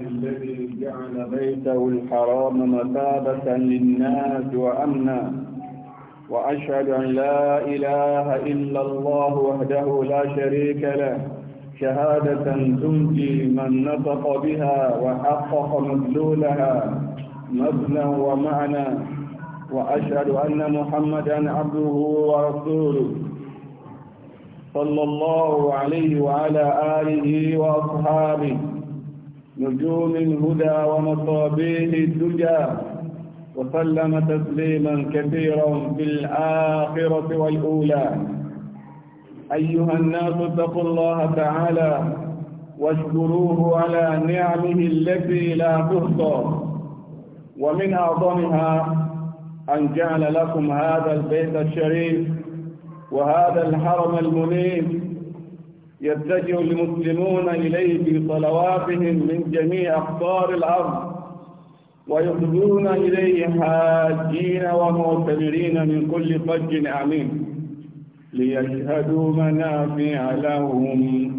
الذي جعل بيته الحرام مثابة للناس وأمنا وأشهد أن لا إله إلا الله وحده لا شريك له شهادة تنجي من نطق بها وحقق مدلولها مبنى ومعنى وأشهد أن محمدا عبده ورسوله صلى الله عليه وعلى آله وأصحابه نجوم الهدى ومصابيح الدجى وسلم تسليما كثيرا في الآخرة والأولى أيها الناس اتقوا الله تعالى واشكروه على نعمه التي لا تحصى ومن أعظمها أن جعل لكم هذا البيت الشريف وهذا الحرم المنيف يتجه المسلمون إليه في صلواتهم من جميع أقطار الأرض ويخرجون إليه حاجين ومعتبرين من كل فج أمين ليشهدوا منافع لهم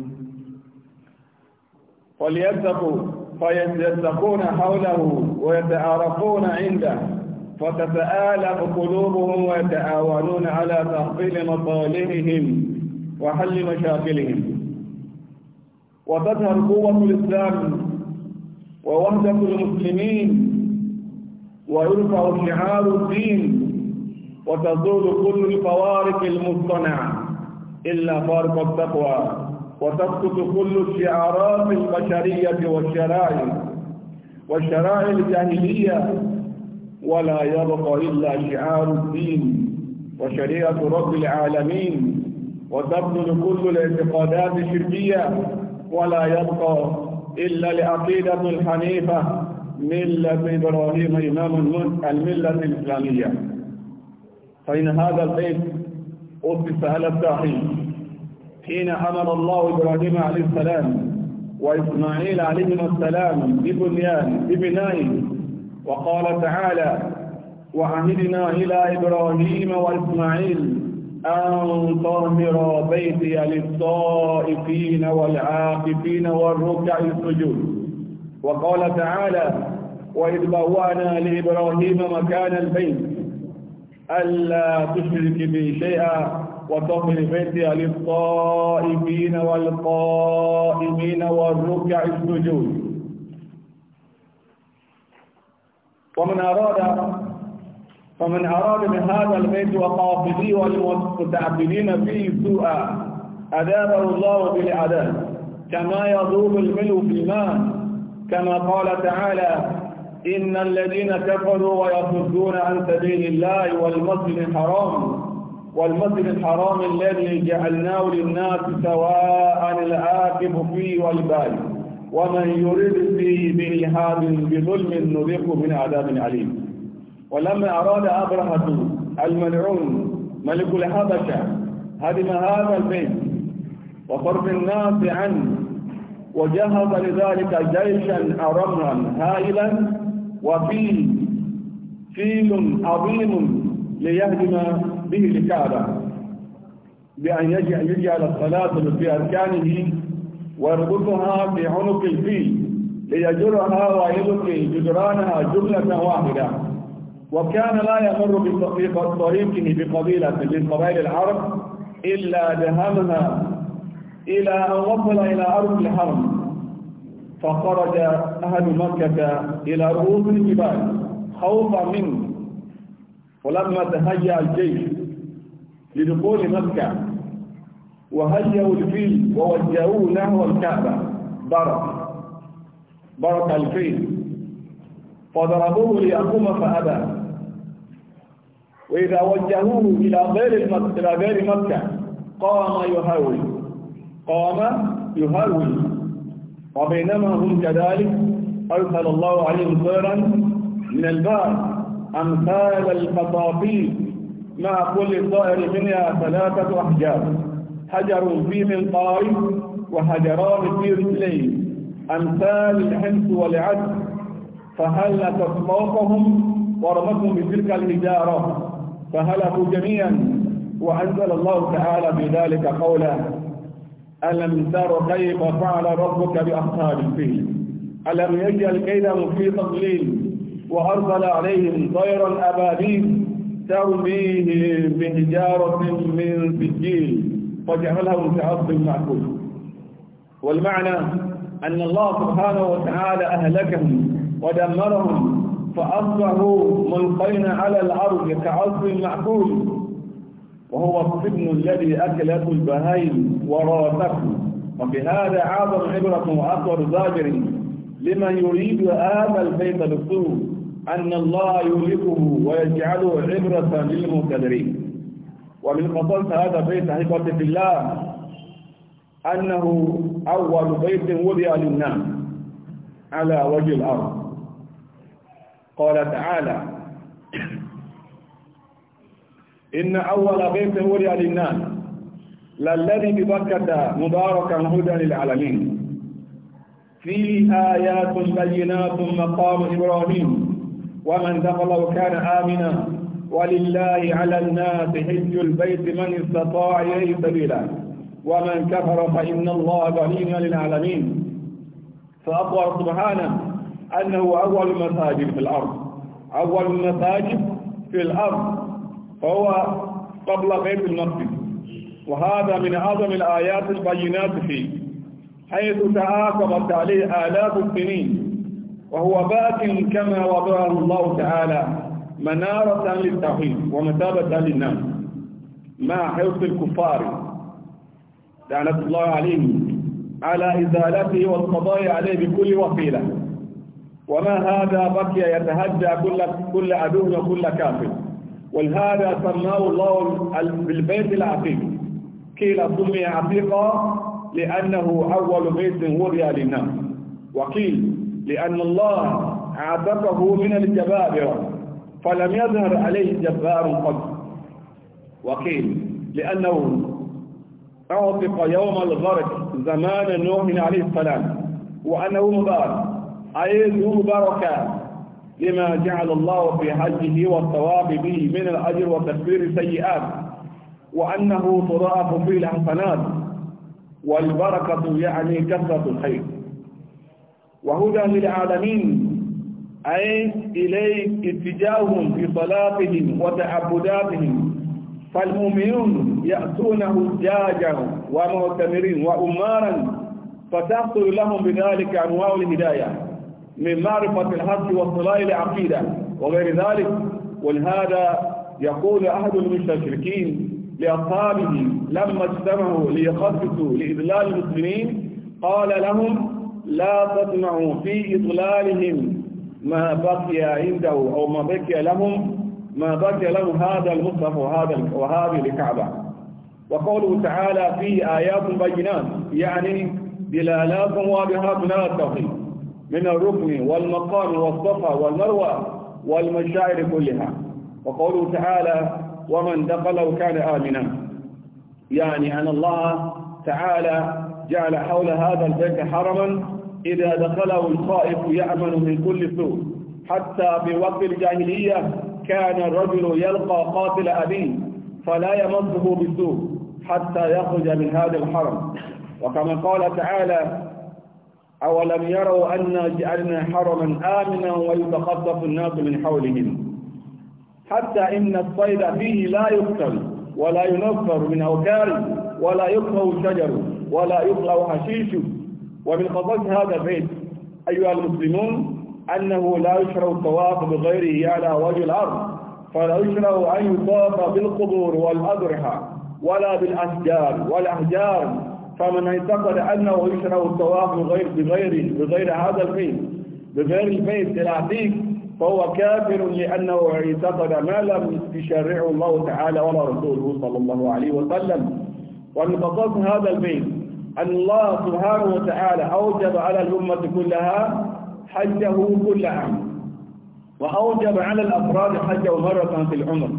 وليتقوا فيتقون حوله ويتعارفون عنده فتتآلف قلوبهم ويتعاونون على تحصيل مطالبهم وحل مشاكلهم وتظهر قوة الإسلام ووحدة المسلمين ويرفع شعار الدين وتزول كل الفوارق المصطنعة إلا فارق التقوى وتسقط كل الشعارات البشرية والشرائع والشرائع الجاهلية ولا يبقى إلا شعار الدين وشريعة رب العالمين وتبطل كل الاعتقادات الشركية ولا يبقى إلا العقيدة الحنيفة ملة إبراهيم إمام الملة الإسلامية فإن هذا البيت أسس على التوحيد حين أمر الله إبراهيم عليه السلام وإسماعيل عليهم السلام ببنيان ببنائه وقال تعالى وعهدنا إلى إبراهيم وإسماعيل أن طهر بيتي للطائفين والعاكفين والركع السجود وقال تعالى وإذ بوانا لإبراهيم مكان البيت ألا تشرك بي شيئا وطهر بيتي للطائفين والقائمين والركع السجود ومن أراد فمن أراد من هذا البيت وقافليه والمتعبدين فيه سوءا أذابه الله بالعذاب كما يذوب الملو في الماء كما قال تعالى إن الذين كفروا ويصدون عن سبيل الله والمسجد الحرام والمسجد الحرام الذي جعلناه للناس سواء العاقب فيه والبال ومن يرد فيه بإلهاب بظلم نذقه من عذاب عليم ولما أراد أبرهة الملعون ملك الحبشة هدم هذا البيت وصرف الناس عنه وجهز لذلك جيشا أرما هائلا وفي فيل عظيم ليهدم به الكعبة بأن يجعل, يجعل الصلاة في أركانه ويربطها في عنق الفيل ليجرها ويلقي جدرانها جملة واحدة وكان لا يمر بطريقه بقبيلة من قبائل العرب إلا دهمها إلى أن وصل إلى أرض الحرم فخرج أهل مكة إلى رؤوس الجبال خوفا منه ولما تهيأ الجيش لدخول مكة وهيئوا الفيل ووجهوه نحو الكعبة برق برق الفيل فضربوه ليقوم فأبى وإذا وجهوه إلى غير إلى غير مكة قام يهاوي قام يهاوي وبينما هم كذلك أرسل الله عليهم طيرا من البار أمثال القطافيل مع كل طائر منها ثلاثة أحجار حجر في منقار وحجران في رجلين أمثال الحمص والعدل فهل تصفوقهم ورمتهم بتلك الحجارة فهلكوا جميعا وأنزل الله تعالى بذلك قولا ألم تر كيف فعل ربك بأصحاب الفيل ألم يجعل كيدهم في تضليل وأرسل عليهم طير الأبابيل ترميه بحجارة من سجيل فجعلهم كعصف معكوس والمعنى أن الله سبحانه وتعالى أهلكهم ودمرهم فأصبحوا ملقين على الأرض كعصر معقول وهو الصبن الذي أكلته البهائم وراثته وبهذا أعظم عبرة وأكبر زاجر لمن يريد هذا البيت بالسوء أن الله يهلكه ويجعله عبرة للمقتدرين ومن فضل هذا البيت حقيقة في الله أنه أول بيت وضع للناس على وجه الأرض قال تعالى إن أول بيت ولي للناس للذي ببكة مباركا هدى للعالمين فيه آيات بينات مقام إبراهيم ومن دخله كان آمنا ولله على الناس حج البيت من استطاع إليه سبيلا ومن كفر فإن الله غني للعالمين فأقوى سبحانه أنه أول المساجد في الأرض أول المساجد في الأرض فهو قبل بيت المقدس وهذا من أعظم الآيات البينات فيه حيث تعاقبت عليه آلاف السنين وهو باك كما وضعه الله تعالى منارة للتوحيد ومثابة للناس مع حرص الكفار لعنة الله عليهم على إزالته والقضاء عليه بكل وسيلة وما هذا بقي يتهجى كل كل عدو وكل كافر ولهذا سماه الله بالبيت العتيق قيل سمي عتيقا لأنه أول بيت وضع للناس وقيل لأن الله عتقه من الجبابرة فلم يظهر عليه جبار قط وقيل لأنه عاتق يوم الغرق زمان نوح عليه السلام وأنه مبارك أي ذو بركة لما جعل الله في حجه والثواب به من الأجر وتكفير السيئات وأنه تضاعف في الحسنات والبركة يعني كثرة الخير وهدى للعالمين أي إليه اتجاههم في صلاتهم وتعبداتهم فالمؤمنون يأتونه حجاجا ومؤتمرين وأمارا فتحصل لهم بذلك أنواع الهداية من معرفة الحق واطلاع العقيدة وغير ذلك ولهذا يقول أحد المستشركين لأصحابه لما اجتمعوا ليخففوا لإذلال المسلمين قال لهم لا تسمعوا في إضلالهم ما بقي عنده أو ما بقي لهم ما بقي لهم هذا المصحف وهذا وهذه الكعبة وقوله تعالى فيه آيات بينات يعني دلالات واضحات لا التوحيد من الركن والمقام والصفا والمروة والمشاعر كلها وقوله تعالى ومن دخله كان آمنا يعني أن الله تعالى جعل حول هذا البيت حرما إذا دخله الخائف يأمن من كل سوء حتى في وقت الجاهلية كان الرجل يلقى قاتل أبيه فلا يمسه بسوء حتى يخرج من هذا الحرم وكما قال تعالى أولم يروا أنا جعلنا حرما آمنا ويتخطف الناس من حولهم حتى إن الصيد فيه لا يقتل ولا ينفر من أوكار ولا يقهو شجر ولا يقلع حشيش ومن قصص هذا البيت أيها المسلمون أنه لا يشرع الطواف بغيره على وجه الأرض فلا يشرع أن يطاف بالقبور والأضرحة ولا بالأشجار والأحجار فمن اعتقد أنه يشرع الطواف بغير بغير بغير هذا البيت بغير البيت العتيق فهو كافر لأنه اعتقد ما لم يشرعه الله تعالى ولا رسوله صلى الله عليه وسلم ومن قصص هذا البيت أن الله سبحانه وتعالى أوجب على الأمة كلها حجه كل عام وأوجب على الأفراد حجه مرة في العمر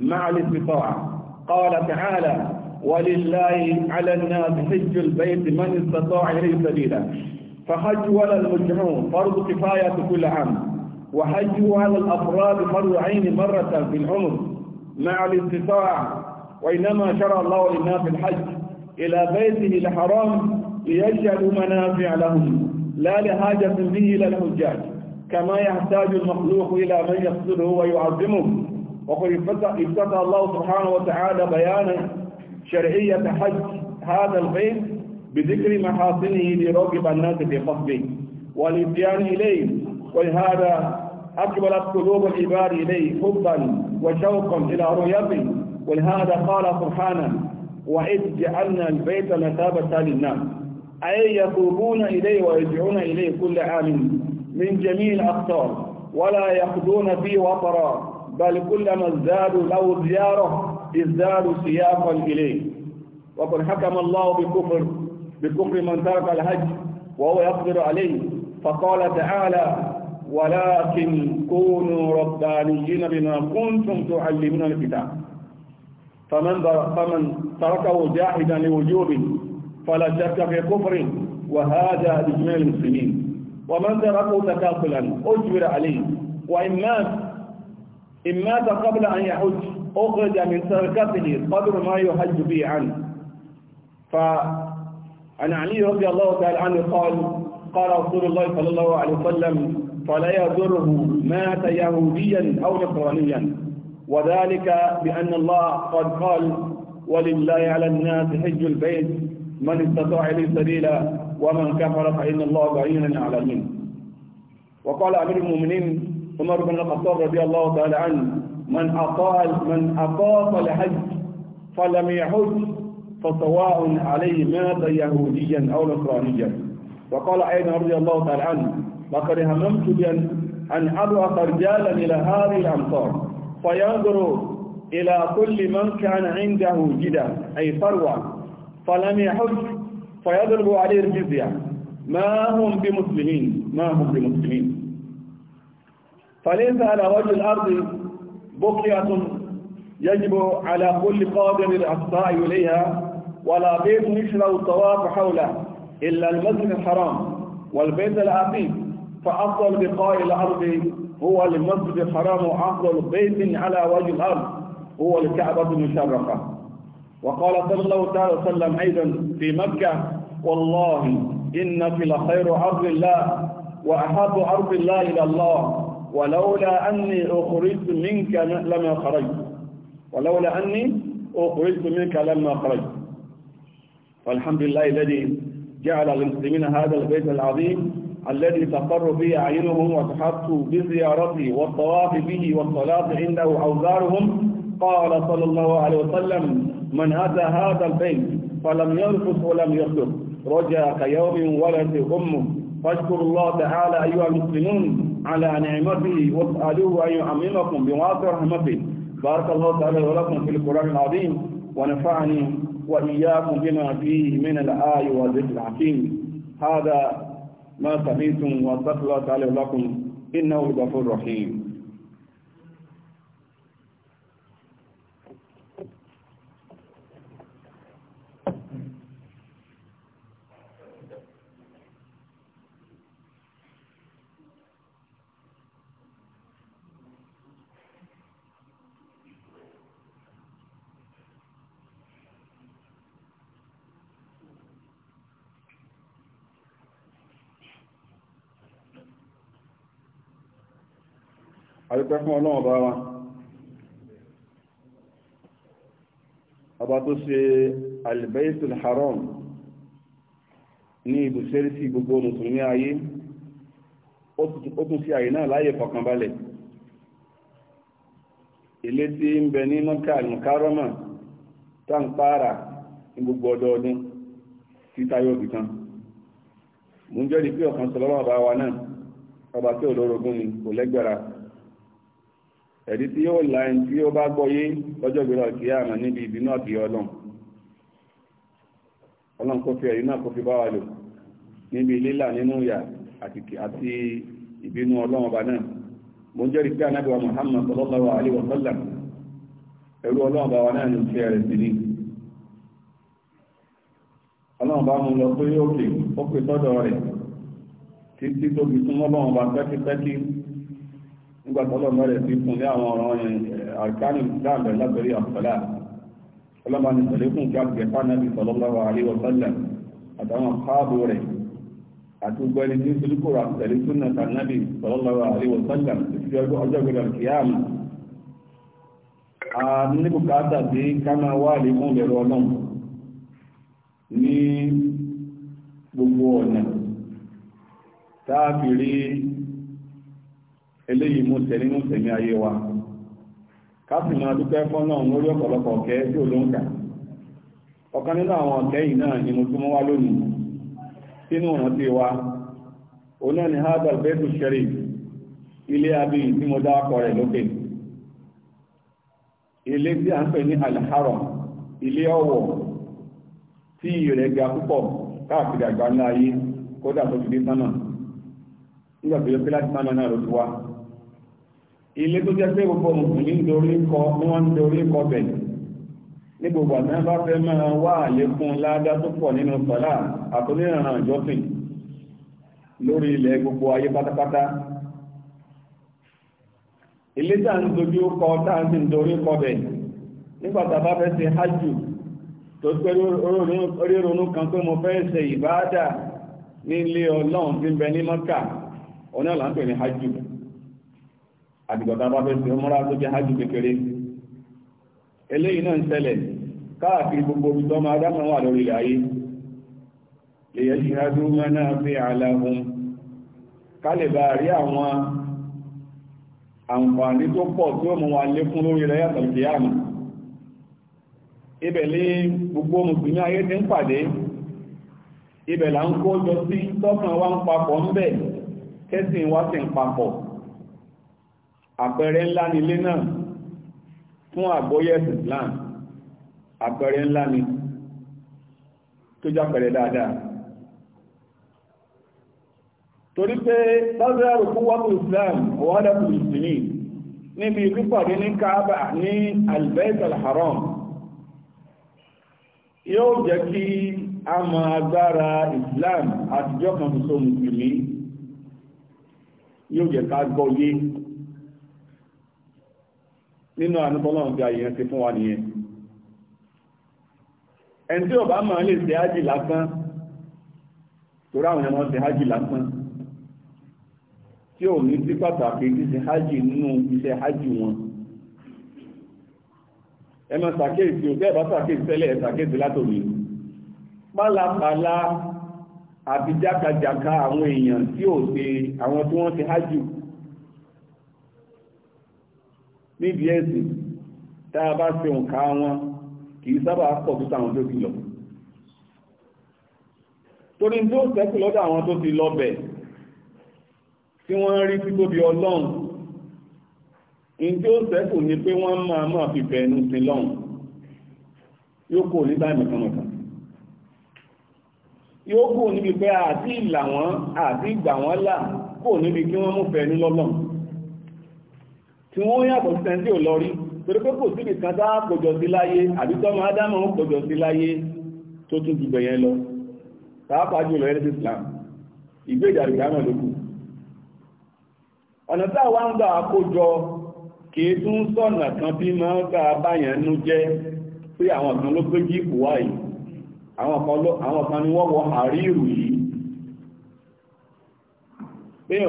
مع الاستطاعة قال تعالى ولله على الناس حج البيت من استطاع إليه سبيلا فحج ولا المجنون فرض كفاية كل عام وحج على الأفراد فرض عين مرة في العمر مع الاستطاع وإنما شرع الله للناس الحج إلى بيته الحرام ليجعلوا منافع لهم لا لحاجة به إلى الحجاج كما يحتاج المخلوق إلى من يقصده ويعظمه وقد افتقى الله سبحانه وتعالى بيانا شرعية حج هذا البيت بذكر محاصنه ليرغب الناس في قصده والاتيان إليه ولهذا أقبلت قلوب العباد إليه حبا وشوقا إلى رؤيته ولهذا قال سبحانه وإذ جعلنا البيت مثابة للناس أي يتوبون إليه ويرجعون إليه كل عام من جميع الأقطار ولا يقضون فيه وطرا بل كلما ازدادوا له زيارة ازدادوا سياقا إليه وقد حكم الله بكفر بكفر من ترك الحج وهو يقدر عليه فقال تعالى ولكن كونوا ربانيين بما كنتم تعلمون الكتاب فمن فمن تركه جاحدا لوجوب فلا شك في كفر وهذا لجميع المسلمين ومن تركه تكافلا اجبر عليه وان مات ان مات قبل ان يحج أخرج من سرقته قدر ما يحج به عنه فعن علي رضي الله تعالى عنه قال قال رسول الله صلى الله عليه وسلم فلا يضره مات يهوديا أو نصرانيا وذلك بأن الله قد قال ولله على الناس حج البيت من استطاع إليه سبيلا ومن كفر فإن الله غني على منه وقال أمير المؤمنين عمر بن الخطاب رضي الله تعالى عنه من أطال من أطاف الحج فلم يحج فسواء عليه مات يهوديا أو نصرانيا وقال أيضا رضي الله تعالى عنه لقد هممت بأن أن أبعث رجالا إلى هذه الأمصار فينظر إلى كل من كان عنده جدة أي ثروة فلم يحج فيضرب عليه الجزية ما هم بمسلمين ما هم بمسلمين فليس على وجه الأرض بقية يجب على كل قادر الأصداء إليها ولا بيت يشرب الطواف حوله إلا المسجد الحرام والبيت العقيم فأفضل بقاء الأرض هو المسجد الحرام وأفضل بيت على وجه الأرض هو الكعبة المشرفة وقال صلى الله عليه وسلم أيضا في مكة والله إنك لخير عرض الله وأحب عرض الله إلى الله ولولا أني أخرجت منك لما خرجت ولولا أني أخرجت منك لما خرجت والحمد لله الذي جعل للمسلمين هذا البيت العظيم الذي تقر به أعينهم وتحط بزيارته والطواف به والصلاة عنده أوزارهم قال صلى الله عليه وسلم من أتى هذا البيت فلم يرفض ولم يخلق رجاك يوم ولد أمه فاشكروا الله تعالى أيها المسلمون على نعمته واسألوه أن يعممكم بواسع رحمته بارك الله تعالى ولكم في القرآن العظيم ونفعني وإياكم بما فيه من الآي والذكر الحكيم هذا ما سمعتم واستغفر الله تعالى لكم إنه الغفور الرحيم àrípẹ́ fún ọlọ́run bá wa ọba tó ṣe albaitul haram ní ibùsẹ́rí sí gbogbo mùsùlùmí ayé ó tún sí ayé náà láyé fọkànbalẹ̀ ilé tí ń bẹ ní mọ́kà al tá ń pààrà ní gbogbo ọdọọdún títà yóò bì jẹ́rìí pé ọ̀kan sọlọ́wọ́ bá náà ọba tí ni kò lẹ́gbẹ̀rẹ́ ẹ̀rí tí yóò la ẹni tí ó bá gbọ́yé lọ́jọ́ ìgbéra kí àmà níbi ìbínú ọlọn. ọlọn ọlọ́run kó fi ẹ̀rí náà kó fi bá wa lò níbi lílà nínú ìyà àti ìbínú ọba náà mo ń jẹ́rìí pé Muhammad náà ní ìfẹ́ rẹ̀ sí ni mú lọ ó pè nígbà tọ́lọ̀ mẹ́rẹ̀ sí fún ní àwọn ọ̀rọ̀ àkánì dáàbẹ̀ látọ̀rí àfọlá ọlọ́mà ní sọ̀lẹ́kùn kí a gbẹ̀ fánàbí sallallahu alaihi wa sallam àtàwọn káàbù rẹ̀ àti gbẹ́ni ní sọ́lẹ́kùn àtẹ̀lé súnà tànàbí sallallahu alaihi wa sallam títí ọjọ́ gbẹ̀rẹ̀ kíyàmù a ní eléyìí yi tẹ nínú tẹ̀mí ayé wa ká sì máa dúpẹ́ náà lórí ọ̀pọ̀lọpọ̀ ọ̀kẹ́ tí ò ló ń kà ọ̀kan nínú àwọn ọ̀kẹ́ yìí náà ni mo tún mọ́ wá lónìí sínú ìrántí wa òun náà ni hadal bẹ́ẹ̀tù sẹ́rì ilé abí tí mo dá ọkọ rẹ̀ lókè ilé tí a ń pè ní alharam ilé ọ̀wọ̀ tí iyì rẹ̀ ga púpọ̀ káàkiri àgbáńlá ayé kódà tó fi dé sánà nígbà tó yẹ pé láti sánà náà ló ti wá ilé tó jẹ́ pé gbogbo mùsùlùmí ń dorí kọ ní wọ́n ń dorí kọ bẹ̀ ní gbogbo àtẹ́wọ́n bá fẹ́ máa wá àlékún ládá tó pọ̀ nínú sọ́lá àtúníràn ìjọsìn lórí ilẹ̀ gbogbo ayé pátápátá ilé tá à ń dojú kọ tá à ń sì ń dorí kọ bẹ̀ nígbà tá a bá fẹ́ ṣe hajj tó pé ríronú kan pé mo fẹ́ ṣe ìbáàdà ní ilé ọlọ́run tí ń bẹ ní mọ́kà ọ̀nà là ń pè ní hajj àdìgbọ̀ta bá fẹ́ sí ọmọrá tó jẹ́ hajj kékeré eléyìí náà ń ṣẹlẹ̀ káàkiri gbogbo ibi tọ́mọ adámọ̀ wà lórí ayé lè yẹ ṣe hajj wọn náà fi àlà hun ká lè bá rí àwọn àǹfààní tó pọ̀ tí ó mú wa lékún lórí rẹ̀ yàtọ̀ sí àmì ibẹ̀ lé gbogbo mùsùlùmí ayé ti ń pàdé ibẹ̀ là ń kó jọ sí tọ́kàn wa ń papọ̀ ń bẹ̀ kẹ́sìn wa sì ń papọ̀ àpẹẹrẹ ńlá ni ilé náà fún àgbóyé ẹ̀sìn Islam àpẹẹrẹ ńlá ni tó jápẹẹrẹ dáadáa torí pé sáwọ́dá rùkú wọ́pù Islam wọ́dàpù ìsìnì níbi pípàdé ní Kaaba ní Al-Bayt Al-Haram yóò jẹ́ kí a mọ agbára Islam àtijọ́ kan tó so mùsùlùmí yóò jẹ́ ká gbọ́ yé nínú ànúbọ́lọ́run bí ayẹyẹ ti fún wa nìyẹn ẹni tí ò bá máa lè ṣe ájì lásán torí àwọn ẹmọ ṣe ájì lásán tí ò ní sí pàtàkì tí ṣe ájì nínú iṣẹ́ ájì wọn ẹmọ ṣàkíyèsí ò bẹ́ẹ̀ bá ṣàkíyèsí tẹ́lẹ̀ ṣàkíyèsí látòmí pálapàla àti àwọn èèyàn tí ò ṣe àwọn tí wọ́n ṣe ájì níbi ẹ̀sìn tá a bá fi òǹkà wọn kì í sábà pọ̀ tó táwọn tó ti lọ torí tó sẹ́kù lọ́dọ̀ àwọn tó ti lọ bẹ̀ tí wọ́n rí títóbi ọlọ́run in tí ó sẹ́kù ni pé wọ́n máa máa fi bẹ̀ẹ̀nu sí lọ́run yóò kò ní báyìí mọ̀kànmọ̀kà yóò kò níbi pé àti ìlà wọn àti ìgbà wọn là kò níbi kí wọ́n mú bẹ̀ẹ̀nu lọ́lọ́run tí wọ́n yàtọ̀ sí ẹni tí ò lọ rí torí pé kò síbi kan tá kòjọ sí láyé àbí tọ́mọ ádámọ̀ ń kòjọ sí láyé tó tún jù bẹ̀yẹn lọ pàápàá jùlọ ẹni Islam ìgbé ìdàrúdà náà ló kù ọ̀nà tá wá ń gbà àkójọ kìí tún sọ̀nà kan bí máa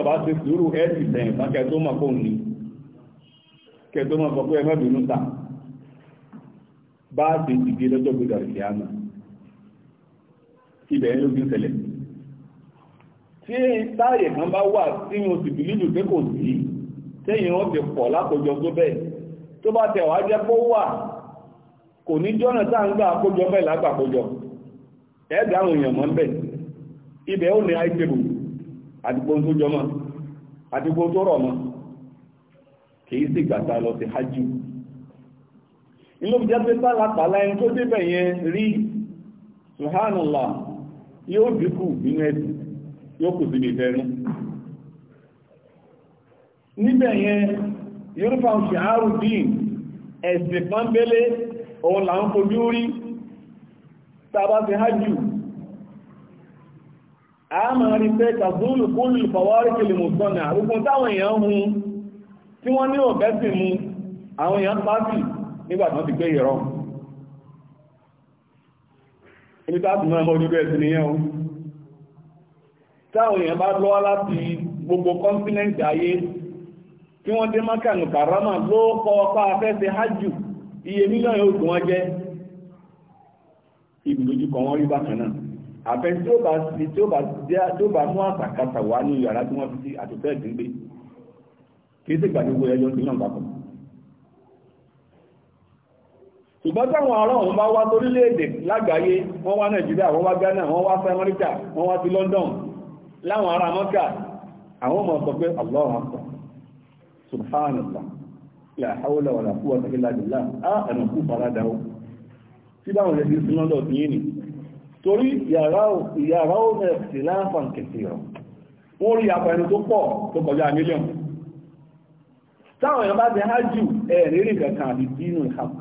bá ti sùúrù ẹ́ẹ̀sì tẹ̀yìn sákẹ́ tó mọ̀ kóhun ni kẹtọ máa sọ pé ẹ má bínú ta bá a ti dìde lọ́jọ́ gbọdọ̀ ìṣẹ́ àmà ibẹ̀ ló fi ń ṣẹlẹ̀ tí táyẹ̀ kan bá wà tí mo sì bìlílù pé kò sí tẹ́yìn wọn ti pọ̀ lákòjọ tó bẹ́ẹ̀ tó bá tẹ̀ wá jẹ́ kó wà kò ní jọ́nà tá ń gbà àkójọ bẹ́ẹ̀ lágbàkójọ ẹ̀ẹ́dà àwọn èèyàn mọ́ ń bẹ̀ ibẹ̀ ó ní àìsèbù àdìgbò tó jọmọ́ àdìgbò tó rọ̀ mọ́ kìí sì gbàtà lọ sí hajj inú ìjẹ́ pé pálapàla ẹni tó débẹ̀ yẹn rí subhanallah yóò dínkù nínú ẹ̀sìn yóò kù síbi ìfẹ́nu níbẹ̀ yẹn yorùbá ń ṣe àrùn dín ẹ̀sìn pọ́nbélé òun là ń fojú rí tàbá ti hajj a máa rí pé kàzúlù kúlù fàwárí kìlì mùsọ́nà àrùkùn táwọn èèyàn hun tí wọ́n ní ọ̀bẹ́sìn mu àwọn èèyàn pàtì nígbà tán ti pé ìrọ̀ ibi tá àtùmọ́ ọmọ ojúgbẹ́ ẹ̀sìn nìyẹn o táwọn èèyàn bá lọ́wọ́ láti gbogbo kọ́ńtínẹ́ǹtì ayé tí wọ́n dé mákànù kàrámà ló kọ́ ọpá afẹ́fẹ́ hajjù iye mílíọ̀nù yóò gùn wọ́n jẹ́ ìbìlójúkọ wọn rí bákan náà àfẹ́ tí ó bá mú àtàkàtà wá ní yàrá tí wọ́n fi sí àtúntẹ́ ìdínlé kìí sí gbàgbogbo ẹjọ́ sí náà papọ̀ ṣùgbọ́n táwọn ará ọ̀hún bá wá torílẹ̀-èdè lágbàáyé wọ́n wá nàìjíríà wọ́n wá ghana wọ́n wá sí amẹ́ríkà wọ́n wá sí london láwọn ará mọ́kà àwọn ọmọ sọ pé allah torí yàrá ó sí láǹfààní kẹsì rọ wọ́n rí àpẹẹrẹ tó pọ̀ tó kọjá mílíọ̀nù táwọn èèyàn bá ti hájù ẹ̀rẹ́rì kankan àti dínú ìhàkù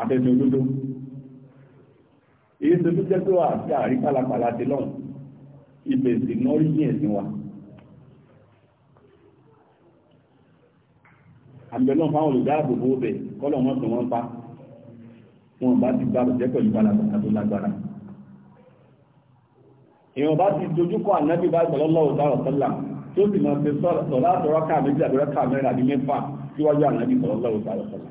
àtẹ̀sẹ̀ òdodo èyí tó jẹ́ pé wà sí àrí pálapàla ti lọ́n ibẹ̀ sì ná rí yẹn sí wa àbẹ̀lọ́n fáwọn olùdáàbòbò bẹ̀ kọ́lọ̀ wọn sọ wọn pa wọn bá ti bá jẹ́ pẹ̀lú pálapàla tó lágbára èèyàn bá ti dojúkọ ànábì bá sallallahu ta'ala sallam tó sì máa fi sọ̀rọ̀ àtọ̀rọ̀ká méjì àtọ̀rọ̀ká mẹ́rin àbí mẹ́fà síwájú ànábì sọ̀rọ̀ lọ́wọ́ sọ̀rọ̀ sọ̀rọ̀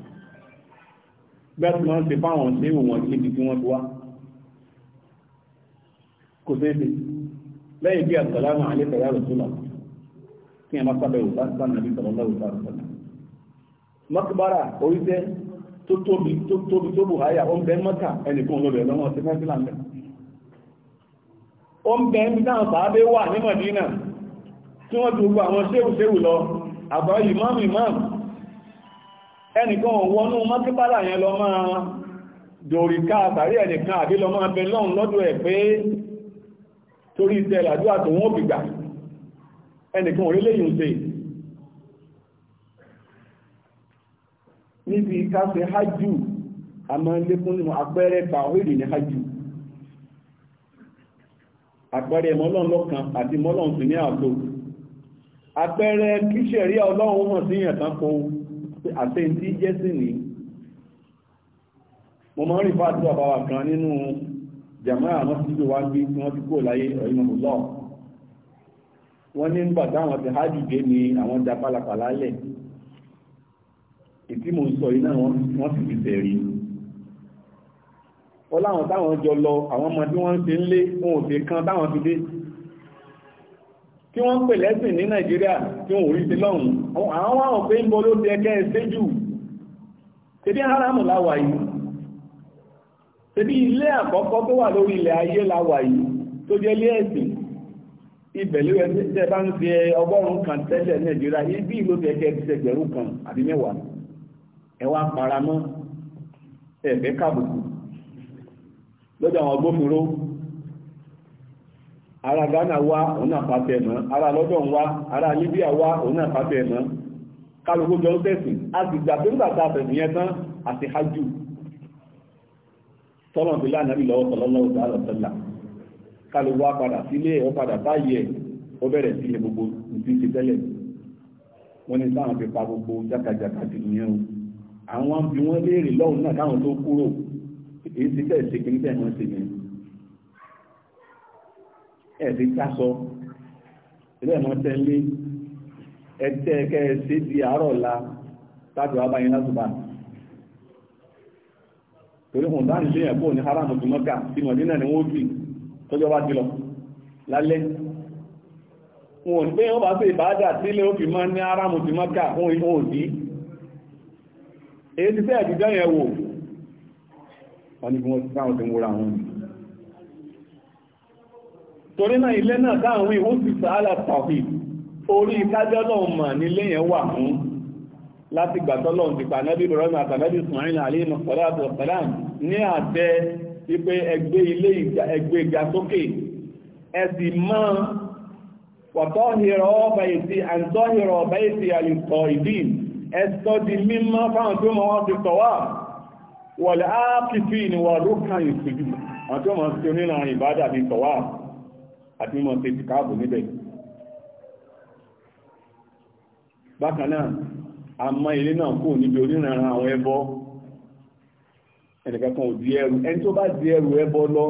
bẹ́ẹ̀ tí wọ́n ṣe fáwọn ṣe wò wọ́n níbi tí wọ́n ti wá kò ṣeé ṣe lẹ́yìn bí àtọ̀lámù alẹ́ sọ̀rọ̀ àrùn tó lọ kí wọ́n sábẹ̀ wò sáà ànábì sọ̀rọ̀ lọ́wọ́ sọ̀rọ̀ sọ̀rọ̀ mọ́kúbárà oríṣẹ́ tó tóbi tó tóbi tó bùháyà ó ń bẹ mọ́kà ẹnìkan lọ́bẹ̀ lọ́wọ́ ọ̀sẹ̀ fẹ́ sílà ń bẹ̀ ó ń bẹ ń bí táwọn sàábé wà ní Mọ̀dínà tí wọ́n gbogbo àwọn séwùséwù lọ àbá imam imam ẹnìkan wọnú mọ́kípàlà yẹn lọ máa dòrí ká àtàrí ẹnìkan àbí lọ máa bẹ lọ́n lọ́dọ̀ ẹ̀ pé torí ìtẹ́ àdúrà tó wọ́n gbìgbà ẹnìkan orílẹ̀ yìí ń ṣe níbi káfẹ́ hajjú àmọ́ lékún nínú àpẹẹrẹ tàwírì ní hajjú àpẹẹrẹ mọ́lọ́n lọ́kan àti mọ́lọ́n sí ní àtò àpẹẹrẹ kíṣẹ̀rí ọlọ́run mọ̀ sí ìyàn tánpo àtẹ́ntí jẹ́ sí ní mo mọ́ rí fàájú àbáwà kan nínú jàmáà àwọn tí ó wá gbé tí wọ́n ti kó láyé ọ̀yìnmọ̀lọ́ wọ́n ní nígbà táwọn ti hájù dé ní àwọn ja pálapàla lẹ̀ ìtí mo sọ iná wọ́n sì fi bẹ̀rí ó láwọn táwọn jọ lọ àwọn ọmọdé wọ́n kí wọ́n ń pè lẹ́sìn ní Nàìjíríà tí wọ́n orí sí lọ́hùn àwọn àwọn òfin ń bọ́ ló ti ẹkẹ́ ẹsẹ́ jù tẹ́bí haramu láwà yìí tẹ́bí ilé àkọ́kọ́ tó wà lórí ilẹ̀ ayé láwà yìí tó jẹ́ ilé ẹ̀sìn ibẹ̀ ló ẹ tẹ́ bá ń fi ọgọ́rùn kan tẹ́lẹ̀ Nàìjíríà ibi ló ti ẹkẹ́ ẹsẹ̀ gbẹ̀rún kan àbí mẹ́wàá ẹ wá paramọ́ ẹ̀fẹ́ kàbùkù lọ́dọ̀ àwọn agbófinró ara Ghana wá òun náà pàtẹ mọ́ ara London wá ara Libya wá òun náà pàtẹ mọ́ kálukú jọ ń tẹ̀sìn a sì gbà pé nígbà tá a fẹ̀sìn yẹn tán àti hajj tọ́lọ̀ tó lánàá bí lọ́wọ́ sallallahu ta'ala sọ́là kálukú wá padà sílé ẹ̀ ó padà báyìí ẹ̀ ó bẹ̀rẹ̀ sí ilé gbogbo ìdí ti tẹ́lẹ̀ wọ́n ní sáwọn fi pa gbogbo jákàjàkà ti nìyẹn o àwọn bí wọ́n léèrè lọ́hùn náà káwọn tó kúrò èyí ti tẹ̀ ṣe kí ní tẹ̀ wọ́n ṣe nìyẹn ẹ̀sìn kásọ ilé ẹ̀mọ́ tẹ́lé ẹ̀tẹ́ kẹ́ẹ̀sì di àárọ̀ la tàbí wà báyìí lásùbà torí hùn dáàrin lé ẹ̀kọ́ ní haramu tó mọ́ká tí mọ̀dínà ni wọ́n fi tọ́jọ́ bá ti lọ lálẹ́ wọn pé wọ́n bá sí ìbáadà tí ilé ó fi mọ́ ní haramu tó mọ́ká fún ihò òdí èyí ti fẹ́ ẹ̀dùjọ́ yẹn wò wọ́n ni wọ́n ti sáwọn torí náà ilé náà dáhùn ìwó sì sáàlà tàbí orí kájọ́lọ̀ mà nílé yẹn wà fún láti gbàtọ́lọ̀ ti pa nábì Ibrahim àtànábì Ismail alayhi salatu wa salam ní àtẹ wípé ẹgbẹ́ ilé ẹgbẹ́ ìgbà sókè ẹ̀sì mọ́ wàtọ́hìrọ̀ ọ̀bẹ̀yẹ̀sì àǹtọ́hìrọ̀ ọ̀bẹ̀yẹ̀sì àlìkọ̀ mímọ́ fáwọn tó mọ́ wọ́n ti tọ̀wà wọ̀lẹ̀ áàkìfì ni wà lókàn ìsìnkú àwọn tó mọ́ sí onílànà ìbádà ti tọ̀wà àti mímọ̀ ṣe tìkáàbù níbẹ̀ bákan náà a mọ́ ilé náà kò níbi oríran àwọn ẹbọ ẹnìkankan ò di ẹrù ẹni tó bá di ẹrù ẹbọ lọ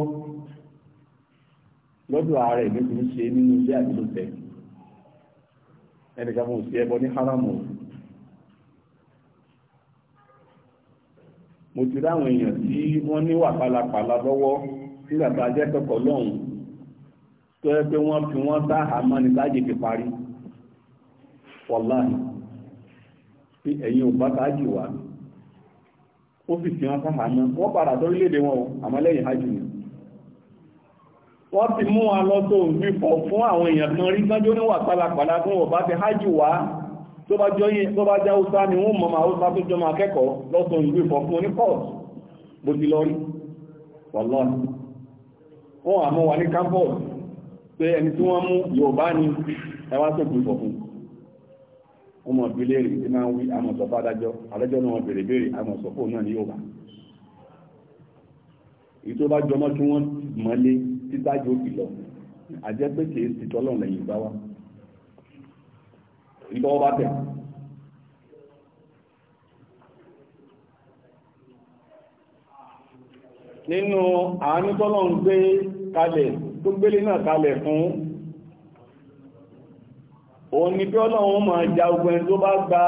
lọ́dọ̀ ààrẹ ní kò ń ṣe nínú ilé àdúgbò tẹ̀ ẹnìkankan ò sí ẹbọ ní haramu mo ti ráwọn èèyàn tí wọ́n ní wà pálapàla lọ́wọ́ nígbà tá a jẹ́ tọkọ lọ́hùn tó yẹ pé wọ́n fi wọ́n sáhàmọ́ ní sáàjì fi parí wọláhì tí ẹ̀yin ò bá sáàjì wà ó sì fi wọ́n sáhàmọ́ wọ́n padà tó orílẹ̀-èdè wọn àmọ́ lẹ́yìn hajj ni wọ́n ti mú wọn lọ tó ń fún àwọn èèyàn kan rí sánjó níwà pálapàla fún ọ̀bá ti hajj wá tó bá jẹ́ haúsá ni wọ́n mọ̀ haúsá tó jọmọ akẹ́kọ̀ọ́ lọ́sọ̀ ń gbífọ̀ fún ní pọ́ọ̀tù bó ti lọ rí wọ́n lọ́nà wọ́n àmọ́ wà ní campus pé ẹni tí wọ́n mú Yorùbá ni ẹwà tó kù ìfọ̀fún wọ́n mọ̀ bí léèrè tí máa ń wí amọ̀sọ̀ fún adájọ́ adájọ́ náà béèrè béèrè amọ̀sọ̀ fún náà ní Yorùbá èyí tó bá jọmọ́ kí wọ́n mọ́lé títájú òkè lọ àjẹ́ pé kìí sì tọ́lọ̀ lẹ́yìn ìgbà wa ìtọ́wọ́ bá tẹ̀ nínú àánú tọ́lọ̀ ń gbé kalẹ̀ tó gbélé náà kalẹ̀ fún òun ni pé ọlọ́run máa ja ogun tó bá gba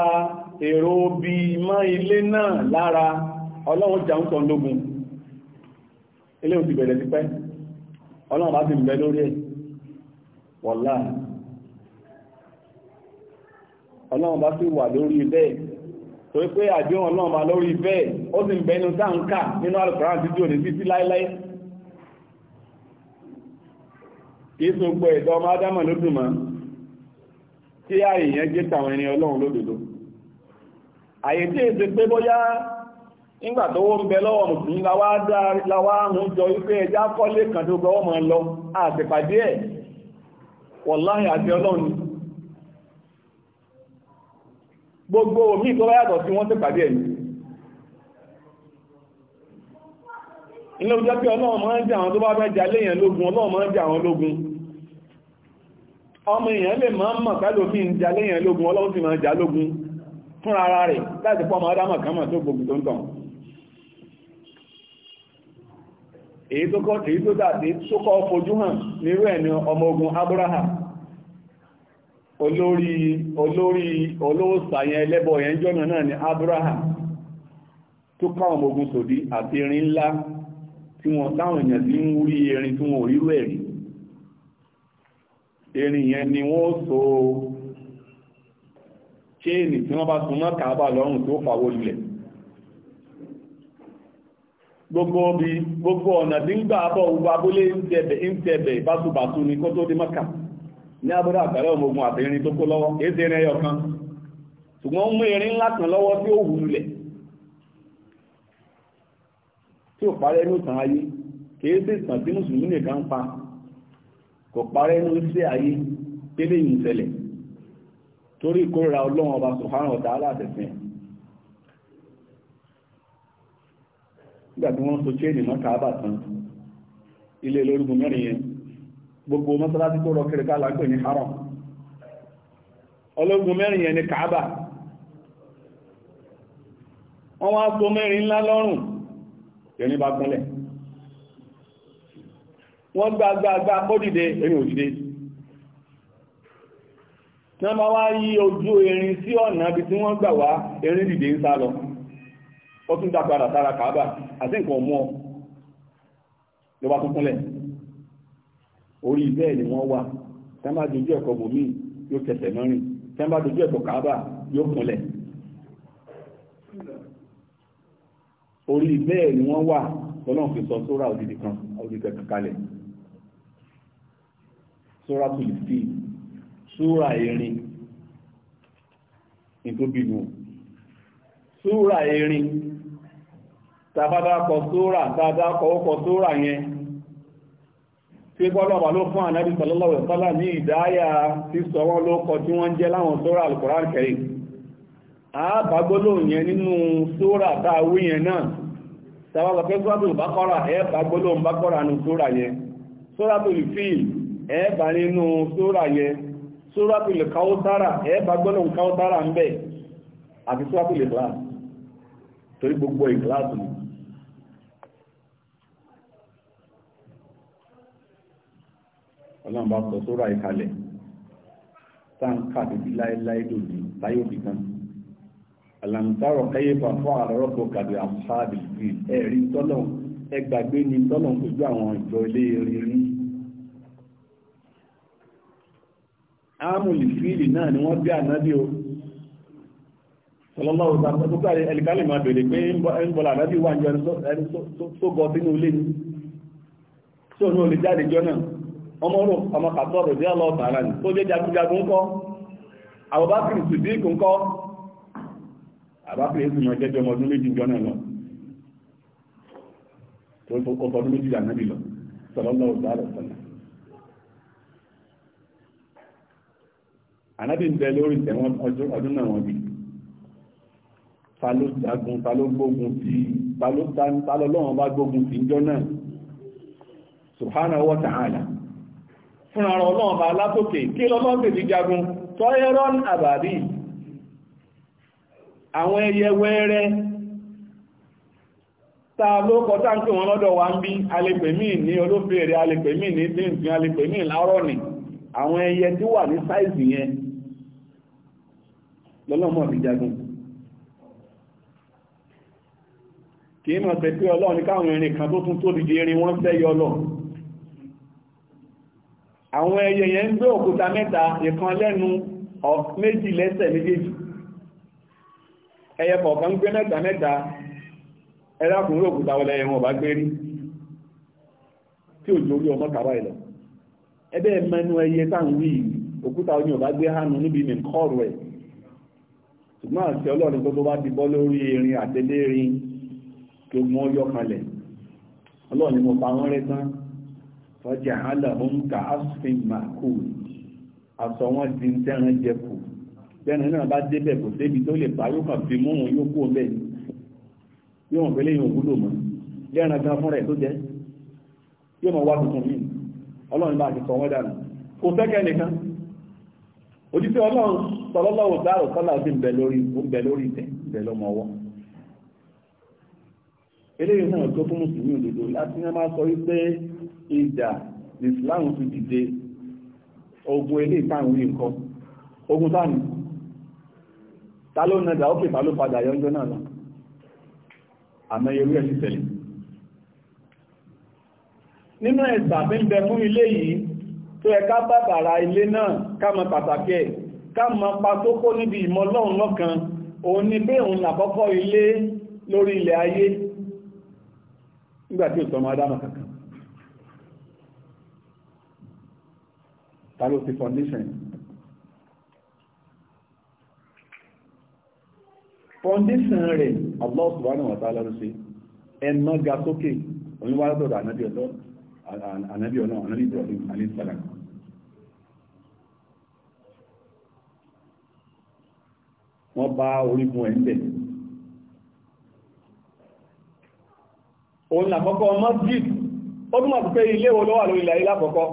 èrò bí mọ́ ilé náà lára ọlọ́run jà ń tọ́ lógun ilé òun ti bẹ̀rẹ̀ tipẹ́ ọlọ́run bá ti bẹ̀ lórí ẹ̀ wọ̀lá ọlọ́run bá ti wà lórí bẹ́ẹ̀ torí pé àdéhùn ọlọ́run bá lórí bẹ́ẹ̀ ó sì ń bẹnu táǹkà nínú alùpùpù àti tí ò títí láíláí kìí so gbọ́ ẹ̀dọ́ ọmọ adámọ̀ ló dùn mọ́ tí àìyàn jẹ́ tàwọn ẹni ọlọ́run lódodo àyè tí èsè pé bóyá nígbà tó wó ń bẹ lọ́wọ́ mùsùlùmí láwá ń jọ wípé ẹjá kọ́lé kan tó gbọ́wọ́ lọ ẹ̀ wọ̀láhì àti ọlọ́run gbogbo omi tó yàtọ̀ sí wọ́n ẹ̀ ilé ọjọ́ pé ọlọ́run máa ń jẹ àwọn tó bá fẹ́ lógun ọlọ́run máa ń jẹ àwọn lógun ọmọ èèyàn lè máa mọ̀ pẹ́lú fi ń jà léèyàn lógun ọlọ́run ti máa jà lógun fún ara rẹ̀ láti pọ́ ọmọ ọdámọ̀ kan mọ̀ tó gbogbo tó ń tàn èyí tó kọ́ èyí tó dàbí fojú hàn nírú ẹ̀ni ọmọ ogun olórí olórí olóòsà yẹn ẹlẹ́bọ ni tó ọmọ ogun sòdí àti erin ńlá tí wọ́n táwọn èèyàn ń rí erin tí erin yẹn ni wọ́n so chéènì tí wọ́n bá sun mọ́ kàábà lọ́rùn tó fàwọ́ lulẹ̀ gbogbo bí gbogbo ọ̀nà tí ń gbà bọ̀ gbogbo abúlé ń tẹ̀bẹ̀ ń tẹ̀bẹ̀ básubàsú ni kó tó dé mọ́kà ní abúlé àgbàrá ọmọ ogun àtẹ̀rin tó kó lọ́wọ́ kìí ṣe ẹyọ kan ṣùgbọ́n mú erin ńlá kan lọ́wọ́ tí ó wù lulẹ̀ tí ò parẹ́ ní ìtàn ayé kìí ṣe ìtàn tí mùsùlùmí nìkan ń pa kò parẹ́ inú iṣẹ́ ayé pélé yìí ń ṣẹlẹ̀ torí ìkórira ọlọ́run ọba subhanahu wa ta'ala àtẹ̀sìn nígbà tí wọ́n so chéèdì mọ́ káábà tán ilé lórígun mẹ́rin yẹn gbogbo mọ́sálásí tó rọ kiri ní haram ológun mẹ́rin yẹn ni káábà wọ́n wá so mẹ́rin ńlá lọ́rùn yẹn ní bá gúnlẹ̀ wọ́n gbàgbàgbà kódìde erin òdìde náà ma wá yí ojú erin sí ọ̀nà bí tí wọ́n gbà wá erin dìde ń sá lọ ó tún dá padà sára kàábà àti nǹkan ọmọ ló bá tún kúnlẹ̀ orí bẹ́ẹ̀ ni wọ́n wà tẹ́ bá dojú ẹ̀kọ́ bòmí yóò tẹ̀sẹ̀ mọ́rin tẹ́ bá dojú ẹ̀kọ́ kàábà yóò kúnlẹ̀ orí bẹ́ẹ̀ ni wọ́n wà lọ́nà fi sọ sóra òdìdí kan òdìdí kankalẹ̀ sura tó lè fi sura erin nítorí nù sura erin tàbádàkọ sura tàbádàkọ ókọ sura yẹn tí bọ́lọ́wà ló fún ànábì sallallahu alaihi wasallam ní ìdáyà tí sọ wọ́n ló kọ tí wọ́n jẹ́ láwọn sura al-Qur'an al-Karim àbágbóló yẹn nínú sura tàwí yẹn náà tàbádàkọ sura tó bá kọ́ra ẹ́ bágbóló ń bá kọ́ra nù sura yẹn sura tó lè fi ẹ̀ẹ́bà nínú sóra yẹn sóra tó lè káwótára ẹ̀ẹ́bà gbọ́nà káwótára ń bẹ̀ àti sóra tó lè gláàsì torí gbogbo ìgláàsì ni ọlọ́run bá sọ sóra ìkalẹ̀ táǹkà bíbí láéláé dòdì táyé òbí kan àlàǹtàrọ̀ káyé bá fún àrọ́rọ́ tó kàbí àfáàbì fìlì ẹ̀rí tọ́lọ̀ ẹgbàgbé ni tọ́lọ̀ ń kojú àwọn ìjọ ilé rírí ámùlì fíìlì náà ni wọ́n bí ànábì o sọlọ́lọ́ òta tó káàrí ẹlìkálẹ̀ máa bèèrè pé ń bọ́lá ànábì wà jọ ẹni tó gọ sínú ilé ni tí òun ò lè jáde jọ náà ọmọ rò ọmọ kàtọ́ rò díẹ̀ lọ́ọ̀tà ara ni tó jẹ́ jagunjagun ńkọ́ àbúbákìrì sùdíkù ńkọ́ àbákìrì ànábì ń bẹ lórí ìtẹ̀wọ́n ọdún náà wọ́n bí ta ló jagun ta ló gbógun ti ta ló ta lọ lọ́wọ́n bá gbógun ti jọ náà subhanahu wa ta'ala fúnra ọ̀rọ̀ ọlọ́wọ́n bá látòkè kí lọ́lọ́gbè ti jagun tọ́yẹ́rọ́n àbàbí àwọn ẹyẹ wẹ́rẹ́ ta ló kọ táǹkì wọn lọ́dọ̀ wa ń bí alẹ́pẹ̀mí ní olófèèrè alẹ́pẹ̀mí ní àwọn ẹyẹ tí wà ní sáìsì yẹn lọ́lọ́mọ̀ fi jagun kì í mọ̀ pé pé ọlọ́run ní káwọn erin kan tó tún tóbi di erin wọ́n fẹ́ yọ lọ àwọn ẹyẹ yẹn ń gbé òkúta mẹ́ta ìkan lẹ́nu méjì lẹ́sẹ̀ méjèèjì ẹyẹ kọ̀ọ̀kan gbé mẹ́ta mẹ́ta ẹlákùnrin òkúta wọlé ẹ̀wọ̀n bá gbé rí tí òjò orí ọmọ kàwá ìlọ̀ ebe mẹ́nu ẹyẹ táwọn wí òkúta oní ọ̀bá agbe hanu n'ubi mi kọ́ọ̀rù ṣùgbọ́n àti ọlọ́run tó tó bá ti bọ́ lórí erin àtẹlérin tó mọ́ yọ kanlẹ̀ ọlọ́run ni mo pa wọ́n rẹ́ tán fọ́jà aláhùn ká asfin màkù aṣọ wọn di tẹ́ran jẹ kù tẹ́ran náà bá débẹ̀ kò débi tó lè pa yóò kàn fi mú òun yóò kú òun bẹ́ẹ̀ yóò hàn pé òwúlò mọ́ ọlọ́run bá ti sọ wọ́n dànù kò sẹ́kẹ́ nìkan òjíṣẹ́ ọlọ́run sọlọ́lọ́wọ́ dáàrò sọ́là sí ń bẹ lórí ìtẹ̀ ìbẹ̀ lọ́mọ ọwọ́ eléyìí náà tó fún mùsùlùmí òdodo láti ní máa sọ wípé ìjà Islam ti dìde ogun ilé ìtàwọn nǹkan ogun táàmì ta ló nàdà ókè ta ló padà yọjọ náà lọ àmọ́ ewu ẹ̀ ti tẹ̀lé nínú ẹ̀sà bí ń bẹ fún ilé yìí tó ẹ ká bàbàrà ilé náà ká mọ pàtàkì ẹ̀ ká mọ pa tó kó níbi ìmọ̀ lọ́hùn lọ́kan òun ni pé òun làkọ́kọ́ ilé lórí ilẹ̀ ayé nígbàtí ò sọmọ adámọ̀ kankan ta rẹ̀ Allah subhanahu wa ta'ala ló ṣe ẹ̀nà ga sókè oníwájú ọ̀dọ̀ ànábì ànábì ọ̀nà ànábì Ibrahim alayhisalam. wọ́n bá orígun ẹ̀ ń bẹ̀. òun làkọ́kọ́ masjid ó túnmọ̀ sí pé ilé wo ló wà lórí ilẹ̀ ayé lákọ́kọ́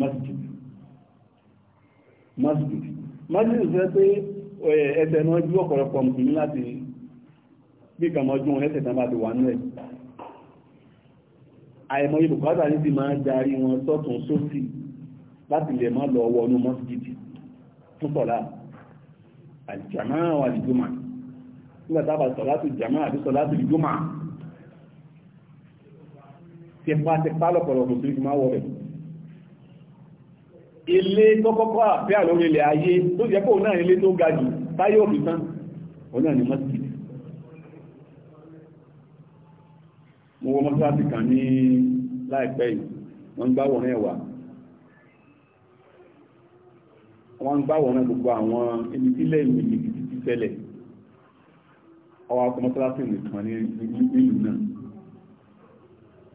masjid masjid masjid fẹ́ pé ẹsẹ̀ náà ju ọ̀pọ̀lọpọ̀ mùsùlùmí láti bí kàmọ́jú wọn lẹ́sẹ̀ wà nú àìmọye bùkátà ní ti máa darí wọn sọ́tún sósì láti lè má lọ wọnú mọ́síjìdì fún sọ̀lá àjàmá àwọn àlìjọ́mà nígbà tábà sọ̀lá tó jàmá àbí sọ̀lá tó lìjọ́mà tẹpátẹpá lọ́pọ̀lọpọ̀ tó fi máa wọ̀ bẹ̀. ilé kọ́kọ́kọ́ àfẹ́ àlórí ilẹ̀ ayé tó jẹ́ pé òun náà ilé tó ga jù táyé òfin tán òun náà ni mọ́síjìdì mo wọ mọ́sáàsì kan ní láìpẹ́ yìí wọ́n ń gbáwọ̀ náà wà wọ́n ń gbáwọ̀ náà gbogbo àwọn ibi tílẹ̀ ìwé ní títí ti ṣẹlẹ̀ ọwọ́ akọ mọ́sáàsì nìkan ní ìlú náà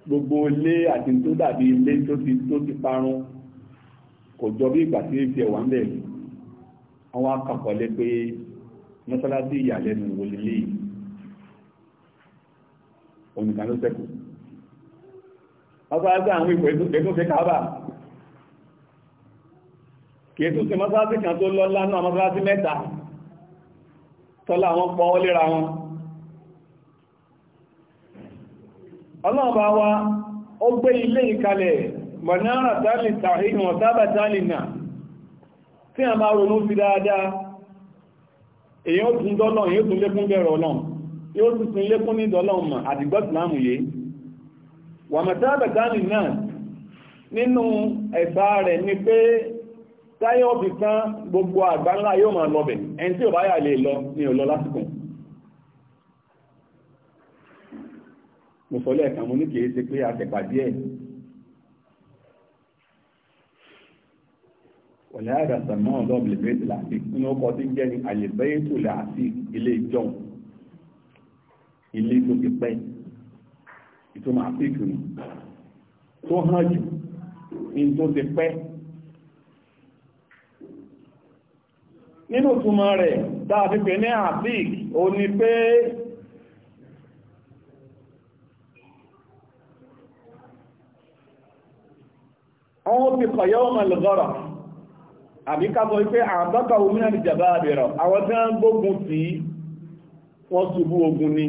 gbogbo ilé àti tó dàbí ilé tó ti tó ti parun kò jọ bí ìgbà tí ó fi ẹ̀wà ń bẹ̀rẹ̀ àwọn akọ̀kọ̀ lé pé mọ́sálásí ìyàlẹ́nu wò lélẹ́yìí ka ló sẹ́kù mọ́sáàsì àwọn ipò ètòfẹ́ kábà kìí tún sí mọ́sáàsì kan tó lọ́lá náà mọ́sáàsì mẹ́ta tọ́lá wọn pọ́ lera wọn ọlọ́ọ̀bá wa èyàn tún èyàn tún lékún yóò tuntun lékún ní ìdọ́lọ́mọ̀ àdìgbọ́ ìsìláàmù yé wàmọ̀tá àbẹ̀tánì náà nínú ẹ̀bá rẹ̀ ni pé táyọ̀ fi tán gbogbo àgbáńlá yóò máa lọ bẹ̀ ẹni tí ò bá yà lè lọ ni ò lọ lásìkò mo sọ lẹ́ẹ̀kan mo ní kìí ṣe pé àtẹ̀pà díẹ̀ wọ̀lẹ́ àdàsà náà lọ́ọ̀bì láti nínú ọkọ̀ tí jẹ́ ni àlèbẹ́yẹ́tò láti ilé ìjọun ilé tó ti pẹ́ ìtumọ̀ àfíìkù ni tó hàn jù ní tó ti pẹ́ nínú túnmọ̀ rẹ̀ dáadípẹ̀ ní àfíìk o ní pé wọ́n ti kọ̀yọ́ ọmọ lọ́gọ́rọ̀ àbí kápọ̀ wípé àbọ́kọ̀ òmìnà ìjàbá àbẹ̀rọ̀ àwọn tí wọ́n gbógun tí wọ́n ṣubú ogun ni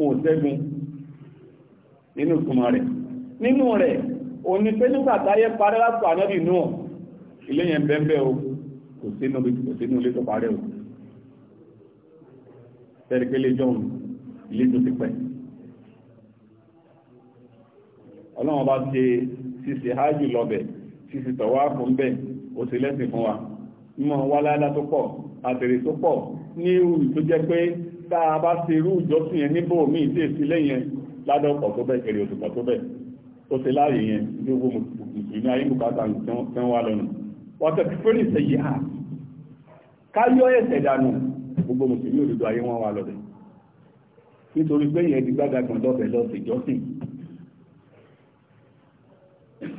òṣẹ́gun nínú ìkùnmọ̀ rẹ̀ nínú rẹ̀ o ní pé nígbà táyé parẹ́ látò ànábì náà ilé yẹn bẹ́ẹ̀ o kò sínú kò sínú ilé tó parẹ́ o fẹ́rẹ̀ pé lé jọun ilé tó ti pẹ́ ọlọ́run bá ṣe ṣíṣe hájù lọ́bẹ̀ ṣíṣe tọ̀wá fún bẹ́ẹ̀ ó sì lẹ́sìn fún wa mímọ̀ wá ládá tó pọ̀ àtẹ̀rẹ̀ tó pọ̀ ní ìrù tó jẹ́ pé tá a bá ti irú ìjọsìn yẹn níbò míì tí èsì lẹ́yìn ládọ́pọ̀ tó bẹ́ẹ̀ kẹrì òṣùpọ̀ tó bẹ́ẹ̀ ó ti láàyè yẹn ní owó mùsùlùmí ayé bùkátà tán wá lọ́nà wọ́tẹ̀ fẹ́rẹ̀ ìṣẹ̀yí hà ká yọ ẹ̀ṣẹ̀ dànù gbogbo mùsùlùmí òdodo ayé wọn wá lọ́dẹ̀ nítorí pé yẹn ti gbága kan lọ́bẹ̀ lọ́sẹ̀ ìjọsìn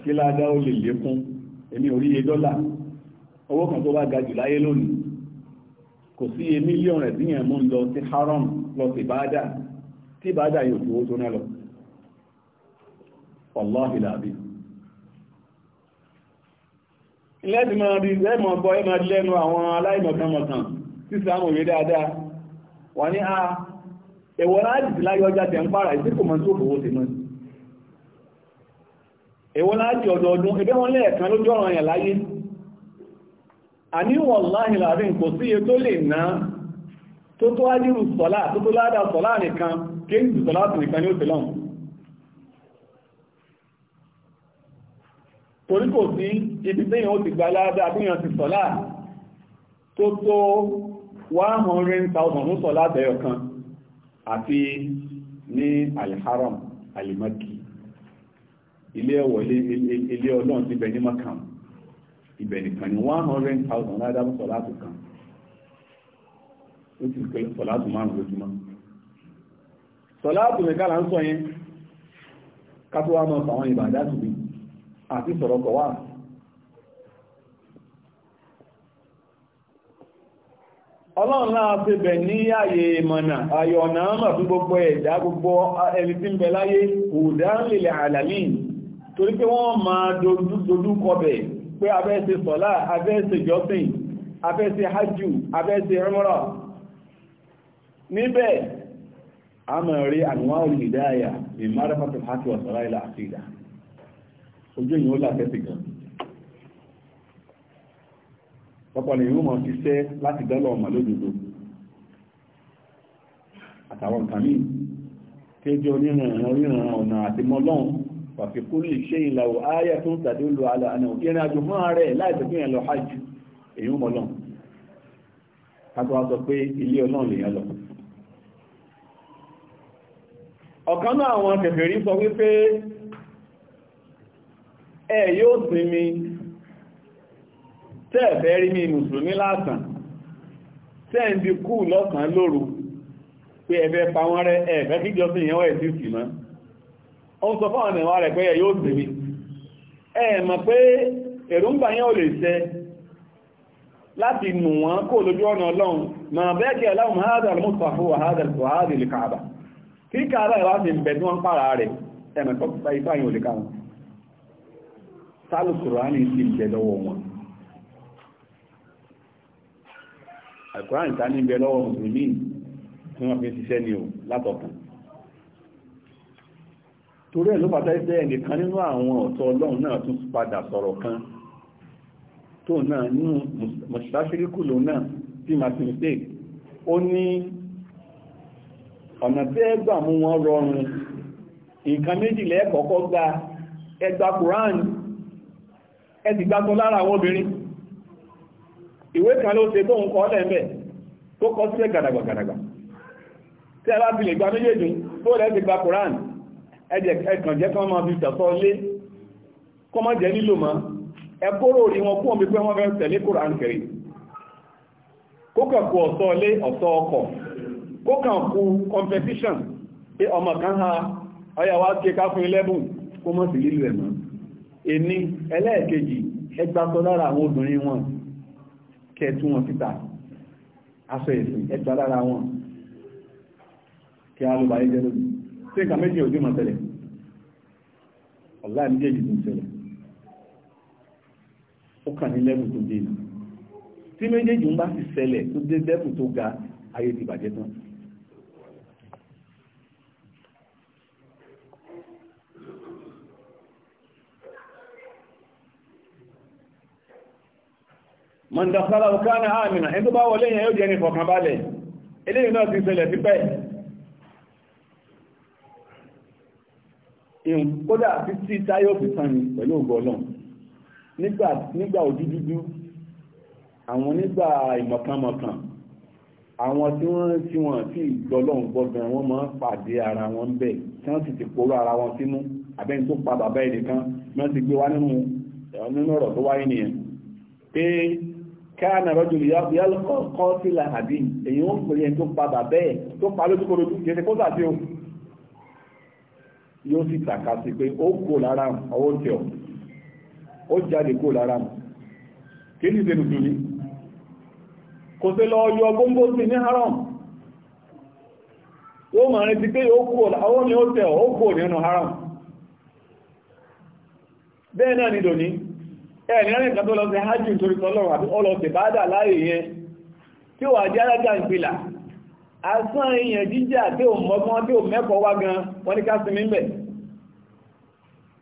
kí ládá ó lè lékún èmi ò rí iye dọ́là owó kan tó bá ga jù láyé lónìí kò sí iye mílíọ̀nù ẹ̀dínyàn mú lọ sí haram lọ sí ìbáadà tí ìbáadà yóò tó tó náà lọ wàláhì làbí ilẹ́dì máa rí lẹ́mọ̀ bọ́ ẹ máa lẹ́nu àwọn aláìmọ̀kánmọ̀kàn tí sàmù rí dáadáa wà ní a ẹ̀wọ̀ láàájì láyé ọjà tẹ̀ ń pààrà ìsí kò mọ́ tó fòwó sí mọ́ ẹ̀wọ̀ láàájì ọdọọdún ẹgbẹ́ wọn lẹ́ẹ̀kan lójú ọ̀ràn yà láyé àní wọ̀láhì láàrin kò sí iye tó lè náà tó tó ájírù sọ́lá tó tó ládá sọ́lá nìkan kéèkì sọ́lá tó nìkan ní ó tẹ́lọ́n torí kò sí ibi tí yíò ti gba ládá bí yíò ti sọ́lá tó tó 100,000 ló sọ́lá tẹ́yọ kan àti ní alharam alimaki ilé ọlọ́run ti bẹ̀ ní makam ibẹ̀ nìkan ni one hundred thousand náírà fún sọ̀láàtù kan ó ti pé sọ̀láàtù márùn lójúmọ́ sọ̀láàtù nìkan là ń sọ yẹn kátó wá máa fàwọn ìbàdá tùbí àti sọ̀rọ̀ kọ̀ wá ọlọ́run náà ti bẹ̀ ní ààyè ìmọ̀nà àyọ̀nà ọmọ fún gbogbo ẹ̀dá gbogbo ẹni tí ń bẹ láyé kò dáńlẹ̀ àlàmì torí pé wọ́n máa dojú kọ bẹ̀ pé abẹ́ ṣe sọ̀lá abẹ́ ṣe jọ́sìn abẹ́ ṣe hajjú abẹ́ ṣe umra níbẹ̀ a mọ̀ rí anwaul hidaya bí ma'rifatul haqq wa sara'il aqida ojú ìyìn ó láfẹ́ sí gan pọ̀pọ̀lẹ̀ ìwọ́n mọ̀ ṣiṣẹ́ láti dọ́lọ̀ ọmọ lódodo àtàwọn kàmí tí ó jẹ́ oníran ọ̀nà àti mọ́lọ́run wàfikú lè ṣe ìlàwò ayé tó ń tàdé lu àlà àná ìrìn àjò mọ́ ààrẹ láìsí pé yẹn lọ hajj èyí ń mọ lọ kátó wá sọ pé ilé ọlọ́run lèyàn lọ ọ̀kan náà àwọn kèfèrí sọ wípé ẹ yóò sinmi tẹ́ẹ̀fẹ́ rí mi mùsùlùmí lásán tẹ́ẹ̀ ń di kú lọ́sàn lóru pé ẹ̀fẹ́ pa wọ́n rẹ́ ẹ̀fẹ́ kíjọ sí ìyẹn wọ́n ẹ̀ sí sí mọ́ òun sọ fún àwọn ẹ̀wà rẹ̀ pé ẹ yóò sì mi ẹ mọ̀ pé èròǹgbà yẹn ò lè ṣẹ láti nù wọ́n kó lójú ọ̀nà ọlọ́run ma bẹ́ẹ̀ kí aláwọ̀ hádà almúsàfú wà hádà alkùhádì lè káàbà kí káàbà ìwá ti bẹ̀ tí wọ́n pàrà rẹ̀ ẹ̀mẹ̀kọ́ ifá yìí ta ní bẹ̀ lọ́wọ́ tí wọ́n fi ṣiṣẹ́ ni ò látọ̀kùn torí ẹ̀ ló pàtàkì pé ẹnìkan nínú àwọn ọ̀tọ̀ ọlọ́run náà tún padà sọ̀rọ̀ kan tó náà nínú mọ̀ṣáṣíríkù lòun náà tí martin mistake ó ní ọ̀nà tí ẹgbà mú wọn rọrùn nǹkan méjìlẹ̀ ẹ̀kọ́kọ́ gba ẹgbà Quran ẹ ti gbàtọ́ lára àwọn obìnrin ìwé kan ló ṣe tóun kọ́ lẹ́ẹ̀mẹ́ tó kọ́ sílẹ̀ gàdàgbàgàdàgbà tí ẹ bá fi lè gba méjèèjì tó lẹ́ẹ̀ ti gba Quran ẹkàn jẹ́ kán máa fi tẹ̀sọ́ lé kọ́ má jẹ́ nílò mọ́ ẹkóró rí wọn kúwọ́n bí pé wọ́n fẹ́ tẹ̀lé Kùránì kiri kókànkù ọ̀sọ́ lé ọ̀sọ́ ọkọ̀ kókànkù competition pé ọmọ kan ha ọyà wá ké ká fún ilẹ́bùn kó mọ́ sí lílù ẹ̀mọ́ èní ẹlẹ́ẹ̀kejì ẹgbàtọ́ lára àwọn obìnrin wọn kẹtù wọn síta aṣọ ẹ̀sìn ẹgbà lára wọn kí a ló bá yẹ́ jẹ́ lóbi tí nǹkan méjì ojú máa tẹ̀lẹ̀ ọ̀la ìdíje ìdìbò tẹ̀lẹ̀ ó kà ní lẹ́bù tó dé tí méjèèjì ń bá sì ṣẹlẹ̀ tó dé lẹ́bù tó ga ayé ti bàjẹ́ tán mọ̀ndàkọ́lá ọ̀ká ní àmìnà ẹni tó bá wọlé yẹn yóò jẹ́ ní fọ̀kànbalẹ̀ eléyìí náà ti ṣẹlẹ̀ ti pẹ́ ìhùn kódà títí táyọ̀ fi tán ni pẹ̀lú ògbọ́ ọlọ́run nígbà ojú dúdú àwọn nígbà ìmọ̀kànmọ̀kàn àwọn tí wọ́n tí wọ́n tí ìgbọ́ ọlọ́run gbọ́gbọ́n wọ́n máa ń pàdé ara wọn ń bẹ̀ tí wọ́n sì ti poró ara wọn sínú àbẹ́ni tó pa bàbá ẹ̀dẹ̀ kan wọ́n ti gbé wá nínú eh, nínú ọ̀rọ̀ tó wáyé nìyẹn pé káàna rọ́jò yálùkọ́ sílà àbí èyí wọ́n pè é tó pa bàbá ẹ̀ tó pa lójúkòrò kìí ṣe kó sàbí yóò sì tàka sí pé ó kó lára ọwọ́ tẹ̀ ọ́ ó jáde kó lára mọ̀ kí ní ìṣẹ́ nùsùlùmí kò sí lọ yọ góńgó sí ní haram ó mọ̀ rẹ̀ ti pé ó kó ọwọ́ ni ó tẹ̀ ó kó nínú haram bẹ́ẹ̀ náà nìdò ní ẹ̀ẹ̀ni rẹ̀ kan tó lọ sí hajj nítorí tọ́lọ́run àti ọlọ́sẹ̀ bá dà láàyè yẹn tí ó wà jẹ́ alága ìpìlà asán èèyàn jíjà tí ò mọ́gbọ́n tí ò mẹ́kọ̀ọ́ wá gan wọ́n ní ká sinmi mẹ́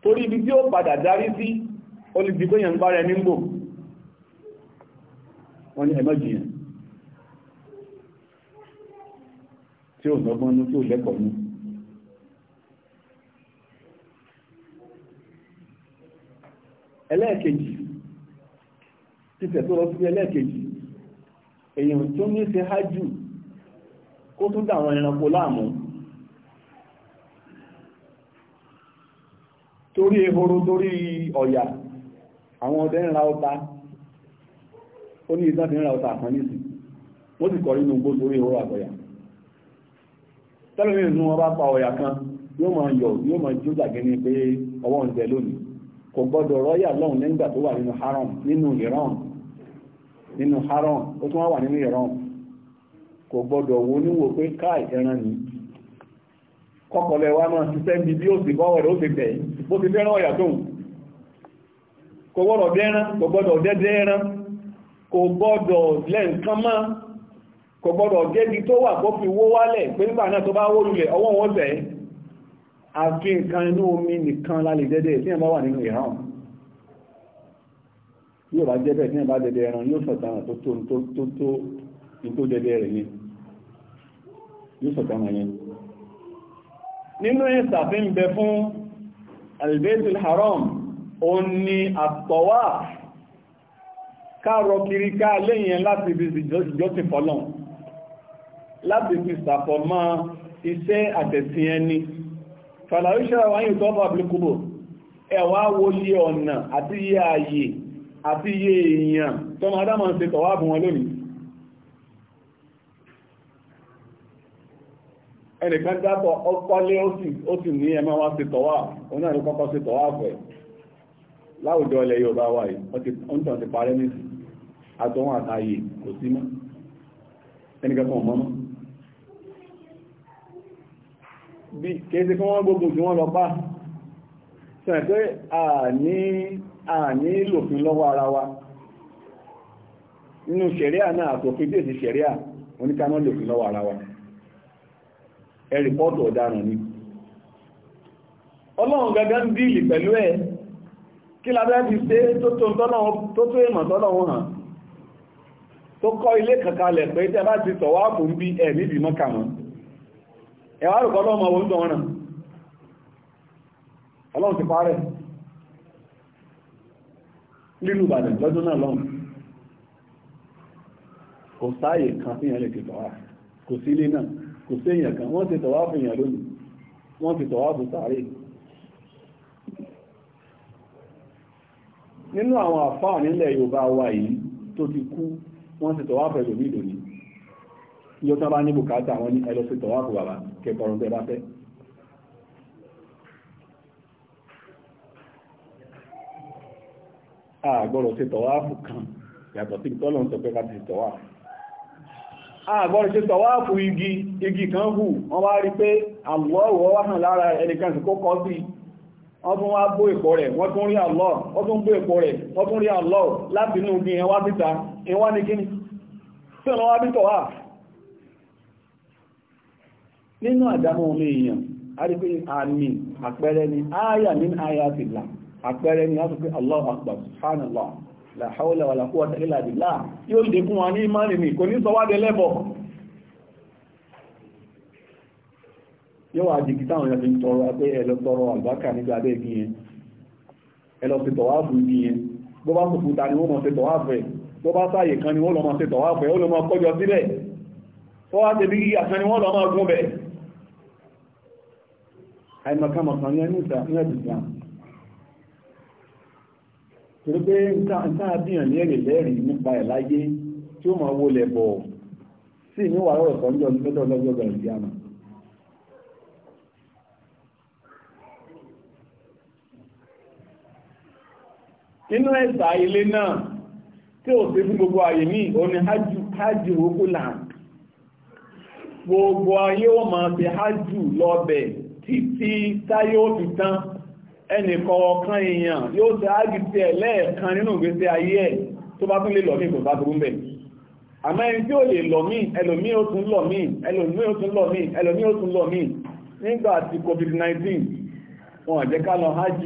torí ibi tí ó padà darí sí olùdìbò èèyàn ń bá rẹ nígbò wọ́n ní ẹ̀mọ́ jìyàn tí ò mọ́gbọ́n tí ò lẹ́kọ̀ọ́ ní ẹlẹ́ẹ̀kejì títẹ̀ tó lọ sí ẹlẹ́ẹ̀kejì èèyàn tó ní ṣe hájù kó tún dà àwọn ẹranko láàmú torí ehoro torí ọ̀yà àwọn ọdẹ ń ọta ó ní ìtàn ti ọta àkàn wọ́n sì nínú gbó ọba pa ọ̀yà kan yóò máa yọ yóò máa jàgé ní pé ọwọ́ ń jẹ lónìí kò gbọ́dọ̀ rọ́yà lọ́hùn nígbà tó wà nínú haram nínú nínú haram ó kò gbọ́dọ̀ wo níwò pé káì ẹran ní kọ́kọ̀lẹ̀ wa máa ṣiṣẹ́ bí ó sì bọ́wọ̀ ó sì bẹ̀ bó ti fẹ́ràn ọ̀yà tóun kò dẹ́ran kò gbọ́dọ̀ dẹ́dẹ́ ẹran kò gbọ́dọ̀ lẹ́nkán mọ́ kò gbọ́dọ̀ débi tó wà kó fi wó wálẹ̀ pé nígbà náà tó bá wó lulẹ̀ ọwọ́ wọn bẹ̀ àfi nǹkan inú omi nìkan lálẹ́ dẹ́dẹ́ tí bá wà nínú ìhàn yóò bá tí bá dẹ́dẹ́ ẹran yóò sọ̀tàn tó tó tó tó nítorí dẹdẹ rẹ̀ yẹn yóò sọ̀tọ̀ ọmọ yẹn nínú ìsàfin bẹ fún albetul haram ó ní àtọ̀wà káàrọ̀ kiri ká lẹ́yìn láti ibi ìjọsìn fọ́lọ́n láti fi sàfọ̀mọ́ iṣẹ́ àtẹ̀sìn ẹni fàlàríṣẹ́ wáyé tó bá blíkúbò ẹwà wo yẹ ọ̀nà àti yẹ ààyè àti yẹ èèyàn tọ́mọ adámọ̀ ń ṣe tọ̀wà bùn wọn lónìí ẹnìkan dápọ̀ ọkọ́lé ó sì ní ẹmọ́ wá sí tọ́wà òun náà ló kọ́kọ́ sí tọ́wà fẹ́ láwùjọ ilẹ̀ Yorùbá wà yìí wọ́n tàn ti parẹ́ nìsí àtọ́wọ́n àtàyè kò sí mọ́ ẹnìkan kan mọ́ mọ́ bí kéèsì kí wọ́n gbógun tí wọ́n lọ bá sẹ́rẹ̀ pé àní lòfin lọ́wọ́ ara wa nínú ṣẹ̀ríà náà àtòfin tí èsì ṣẹ̀ríà oníkaná lòfin lọ́wọ́ ara wa ẹ rìpọ́tù ọ̀daràn ni ọlọ́run gangan díìlì pẹ̀lú ẹ̀ kí lábẹ́ fi ṣe tó tó èèmọ̀ tọ́lọ́run hàn tó kọ́ ilé kankalẹ̀ pé tẹ́ bá ti sọ̀wá kò bí mọ́ kò sáàyè kan lè kò sí ilé náà kò sí èèyàn kan wọ́n ti tọ̀wá fún èèyàn lónìí wọ́n ti tọ̀wá fún sàárè nínú àwọn àfáà nílẹ̀ Yorùbá wa yìí tó ti kú wọ́n ti tọ̀wá fún ẹlòmí lónìí yóò tán bá ní bùkátà wọn ní ẹlọ́sí tọ̀wá fún bàbá kẹkọrùn tẹ bá fẹ́ àgbọ̀rọ̀ ti tọ̀wá fún kan yàtọ̀ sí tọ́lọ̀ ń sọ pé ká ti tọ̀wá fún àgbọ́rọ̀ ṣe tọ̀wáàfù igi igi kan hù wọ́n wá rí pé àlọ́wọ́ wá hàn lára ẹnìkan sí kó kọ́ sí wọ́n tún wá bó èkó rẹ̀ wọ́n tún rí àlọ́ wọ́n tún bó èkó rẹ̀ wọ́n tún rí àlọ́ láti inú igi ẹwà síta ẹwà ní kíni tí ọ̀nà wá bí tọ̀wáàfù nínú àdámọ́ omi èèyàn a rí pé àmì àpẹẹrẹ ni áyà ní áyà ti àpẹẹrẹ ni a sọ pé Allahu Akbar subhanallah la hawla wala quwwata illa billah yóò lè fún wa ní ìmánì mi kò ní sọ wá délẹ́bọ̀ yóò wá di kìtà àwọn ẹ̀fìn tọrọ pé ẹlọ tọrọ àlùbákà níbi abẹ́ igi yẹn ẹlọ ti tọ̀wáàfù igi yẹn bó bá kùkù ta ni wọ́n mọ̀ ṣe tọ̀wáàfù ẹ̀ bó bá sáàyè kan ni wọ́n lọ mọ̀ ṣe tọ̀wáàfù ẹ̀ ó lọ mọ̀ kọjọ síbẹ̀ tó wá ṣe bí gíga kan ni torí pé nǹkan àbíyàn ní èrè lẹ́rìí nípa ẹ̀ láyé tí ó máa wọlé bọ̀ sí ní wàá rọ̀rọ̀ sọ́njọ́ ní lọ́dọ̀ lọ́jọ́ bẹ̀rẹ̀ sí àmà nínú ẹ̀sà ilé náà tí ó sí fún gbogbo ààyè ní òní hajjú ogúnlà gbogbo ayé ó máa fi hajjú lọ́bẹ̀ títí táyé ó fi tán ẹnìkọ̀ọ̀kan èèyàn yóò tẹ́ ágìtẹ́ lẹ́ẹ̀kan nínú ìgbésí ayé ẹ̀ tó bá tún lè lọ ní ìgbòbá tó ń bẹ̀. àmọ́ ẹni tí ó lè lọ mí ẹlòmí ó tún lọ mí ẹlòmí ó tún lọ mí ẹlòmí ó tún lọ mí nígbà tí covid-19 wọn jẹ́ ká lọ hajj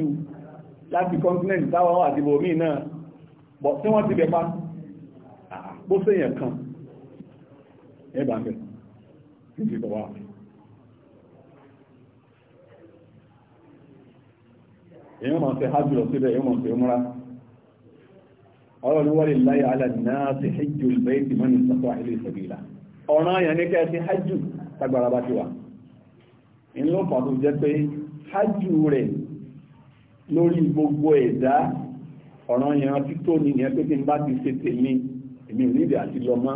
láti continent táwọn àti bòmí náà bọ̀ tí wọ́n ti bẹ̀pa bó séèyàn kan ẹ̀bà bẹ̀ èyí mọ̀ sí hajj lọ síbẹ̀ èyí mọ̀ sí umra ọlọ́run wọlé láyé alàdínáàsì hajjú ìbẹ́ẹ̀tì mọ́ni sọ́tọ́ ilé ìsẹ̀bìlá ọ̀ràn àyàn ní kẹ́ẹ̀sì hajjú tagbára bá ti wà inú ló fà tó jẹ́ pé hajjú rẹ̀ lórí gbogbo ẹ̀dá ọ̀ràn àyàn tí tó ní ìyẹn pé tí n bá ti ṣe tèmi èmi ò àti lọ mọ́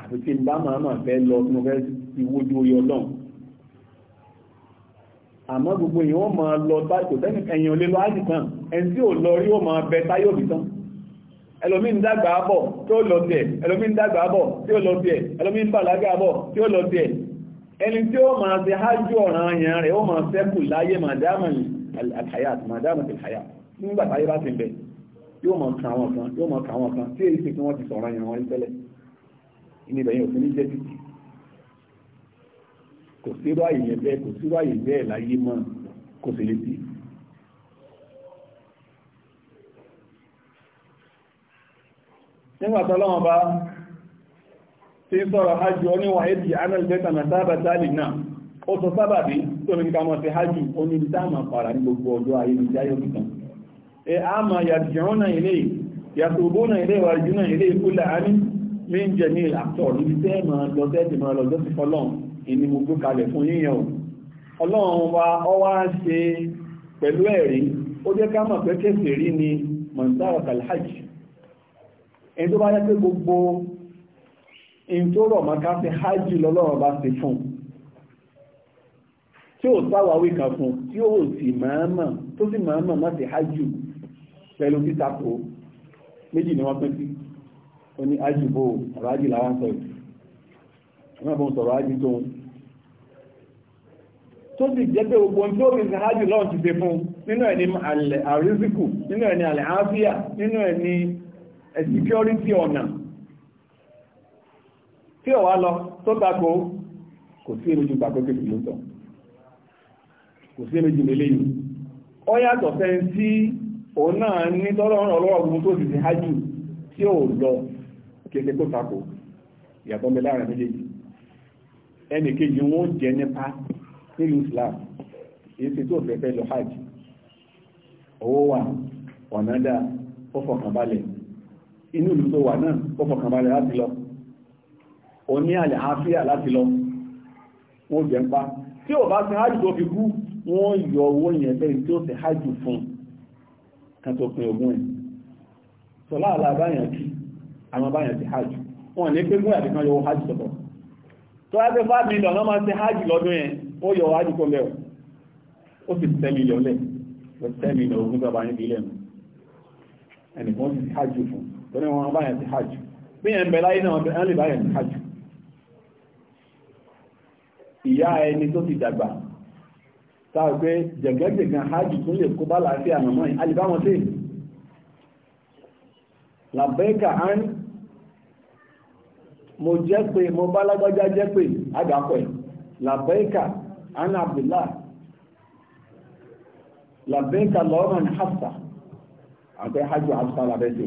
àfi tí n bá máa fẹ́ lọ tí fẹ́ ti wójú oyè ọlọ́run àmọ́ gbogbo èèyàn wọ́n máa lọ táìkò tẹ́nì ẹ̀yìn olè lọ ájì kan ẹni tí ò lọ rí ó máa bẹ táyò bí tán ẹlòmí ń dàgbà bọ̀ tí ó lọ tiẹ̀ ẹlòmí ń dàgbà bọ̀ tí ó lọ tiẹ̀ ẹlòmí ń bàlágà bọ̀ tí ó lọ tiẹ̀ ẹni tí ó máa ṣe hájú ọ̀ràn àyàn rẹ̀ ó máa ṣẹ́kù láyé màdámà kò sírò àyè yẹn bẹ́ẹ̀ kò sírò àyè bẹ́ẹ̀ láyé mọ́ kò sì lè sí. nígbà tó lọ́wọ́ bá tí sọ̀rọ̀ hajj oníwà ẹ̀dì analbeta na sábà tálì náà ó sọ sábà bí tó ní ká mọ̀ sí hajj oní dáàmà para ní gbogbo ọjọ́ ayé ní jáyé òkìtàn ẹ a máa yàtìrún náà ilé yàtòbó náà ilé wà jù náà ilé kúlẹ̀ àní mí ń jẹ ní ìlàtọ̀ níbi tẹ́ máa lọ tẹ́ ti máa ìní mo gbé kalẹ̀ fún yíyan o ọlọ́run wa ọ wá ṣe pẹ̀lú ẹ̀rí ó jẹ́ ká mọ̀ pé kẹsì rí ni mọ̀nsára kalhaj ẹni tó bá yẹ pé gbogbo in tó rọ̀ mọ́ ká fi hajj lọ́lọ́run bá ṣe fún tí ó sáwàwí kan fún tí ó sì mọ̀ọ́mọ̀ tó sì mọ̀ọ́mọ̀ má ṣe hajj pẹ̀lú títàkó méjì ni wọ́n pín sí ó ní hajj bò ọ̀rọ̀ hajj làwọn sọ yìí wọ́n bọ́ sọ̀rọ̀ ájú tó ń tó sì jẹ́ pé gbogbo tó rí sáájú lọ́n ti fẹ́ fún nínú ẹ̀ ní àrísìkù nínú ẹ̀ ní àlẹ̀ áfíà nínú ẹ̀ ní security ọ̀nà tí ọ̀wá lọ tó gbàgbó kò sí èméjì gbàgbó kékeré ló tọ̀ kò sí èméjì mélé yìí ó yàtọ̀ fẹ́ tí òun náà ní tọ́lọ́ ọlọ́wọ́ gbogbo tó sì ti hájú tí ò lọ kéde kó takò ìyàtọ̀ mi láàrin méjèèjì ẹnì kejì wọn ó jẹ nípa nílùú Islam èyí ti tó fẹ́fẹ́ lọ hajj owó wà ọ̀nà dá ó fọkànbalẹ̀ inú ìlú tó wà náà ó fọkànbalẹ̀ láti lọ ó ní àlẹ́ àáfíà láti lọ wọ́n jẹ pa tí ò bá ṣe hajj tó fi kú wọ́n yọ owó yẹn bẹ́ẹ̀ tí ó ṣe hajj fún kan tó pin ogún ẹ̀ sọlá àlà báyàn kí àwọn báyàn ti hajj wọn ní pé mú àdìkan yọ hajj sọ̀tọ̀ tó wá pé 5 million náà máa ṣe hajj lọ́dún yẹn ó yọ hajj kó lẹ́wọ̀ ó sì 10 million lẹ̀ 10 million ogun tó bá ní ilé nù ẹnìkan sì hajj fún tó ní wọn báyẹn sí hajj bí yẹn bẹ̀ láyé náà ẹ̀ lè báyẹn sí hajj ìyá ẹni tó ti dàgbà táà pé jẹ̀gẹ́gẹ̀gẹ̀ hajj tún lè kó bá láàfíà mọ̀mọ́ yìí alìbáwọn sí làbẹ́kà án mo jẹ́ pé mo bá lágbájá jẹ́ pé àdàpọ̀ ẹ̀ làbẹ́ẹ̀kà anna abdullah làbẹ́ẹ̀kà lọ́rọ̀ ní hafsa àti hajj hafsa làbẹ́ẹ̀kà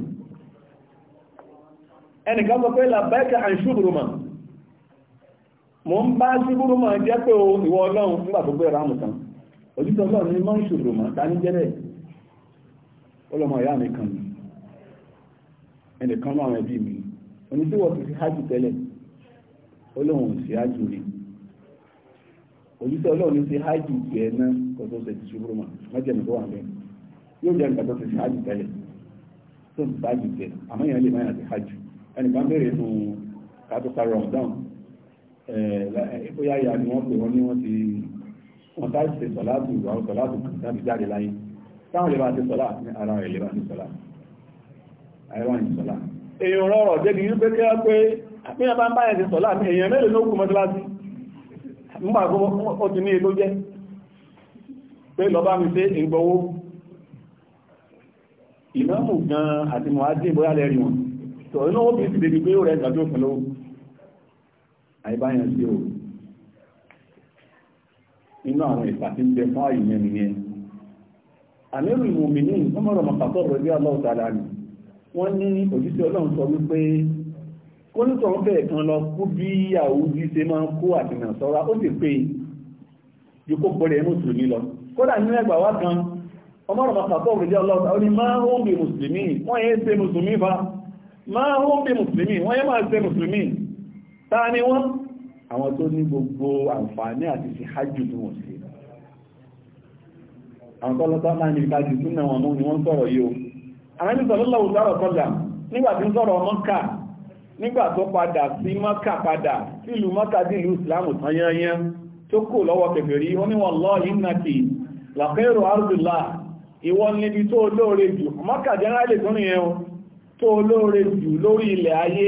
ẹnìkan sọ pé làbẹ́ẹ̀kà àn ṣubùrùmọ̀ mo ń bá ṣubùrùmọ̀ jẹ́ pé o ìwọ ọlọ́run nígbà tó gbé ráàmù tán òjútọ́ ọlọ́run ní mọ́ ń ṣubùrùmọ̀ tání jẹ́rẹ̀ ọlọ́mọ ìyá mi kan ẹnìkan náà ẹbí mi oní tí wọ́n ti fi hájù tẹ́lẹ̀ ó lóun ò sí hájù rí òjíṣẹ́ ọlọ́run ní sí hájù tiẹ̀ náà kó tó ṣe ti ṣubúrú mọ́ mẹ́jẹ̀mí tó wà bẹ́ẹ̀ yóò jẹ́ nǹkan tó ti fi hájù tẹ́lẹ̀ tó ti hájù tiẹ̀ àmọ́ yẹn lè má yàn ti hájù ẹnìkan béèrè nù kátó sáré Ramadan bóyá ìyá ni wọ́n pè wọ́n ní wọ́n ti wọ́n tá ṣe sọ̀láàtù àwọn sọ̀láàtù tàbí jáde láyé táwọn lè bá ti sọ̀láàtù ara rẹ̀ lè bá ti sọ̀láàtù àìwá ní èèyàn rọrọ̀ débi wípé kí á pé àpíyàn bá ń báyẹ̀ ti sọ̀lá àmì èèyàn mélòó ló kù mọ́sálásí nígbà tó ó ti ní ètò jẹ́ pé lọ́bá mi pé ìgbọ́wó ìmọ́mù gan àti mọ̀hájí ìbóyá lẹ́rí wọn tó inú ó bí ti débi pé ó rẹ̀ gbàjọ́ fún lówó àìbáyàn sí o inú àwọn ìpàtí ń bẹ fún àyè yẹn nìyẹn àmì ìrù ìmùmí ní ọmọ rọmọpàtọ́ rẹ̀ bí aláwọ̀ wọ́n ní òjíṣẹ́ ọlọ́run sọ wípé kólútọ̀ ń bẹ̀rẹ̀ kan lọ kú bí àwùjí ṣe máa ń kó àdìnà sọ́ra ó sì pé yòókó pẹ̀rẹ̀ mùsùlùmí lọ kódà nínú ẹgbà wá kan ọmọ ọ̀rọ̀ pàpọ̀ òrùlé ọlọ́ta ó ní máa ń bí mùsùlùmí wọ́n yẹ́ ṣe mùsùlùmí fa máa ń bí mùsùlùmí wọ́n yẹ́ máa ṣe mùsùlùmí ta ni àrẹ́bí sọ̀lọ́lọ́ òṣàrọ̀ sọ́là nígbà tí ń sọ̀rọ̀ mọ́kà nígbà tó padà sí mọ́kà padà sílùú mọ́kà sí ìlú ìsìláàmù tán yányán tó kò lọ́wọ́ kèfèrí ó ní wallahi innaki la khairu ardillah ìwọ níbi tó olóore jù mọ́kà jẹ́nrálì tó ní ẹun tó olóore jù lórí ilẹ̀ ayé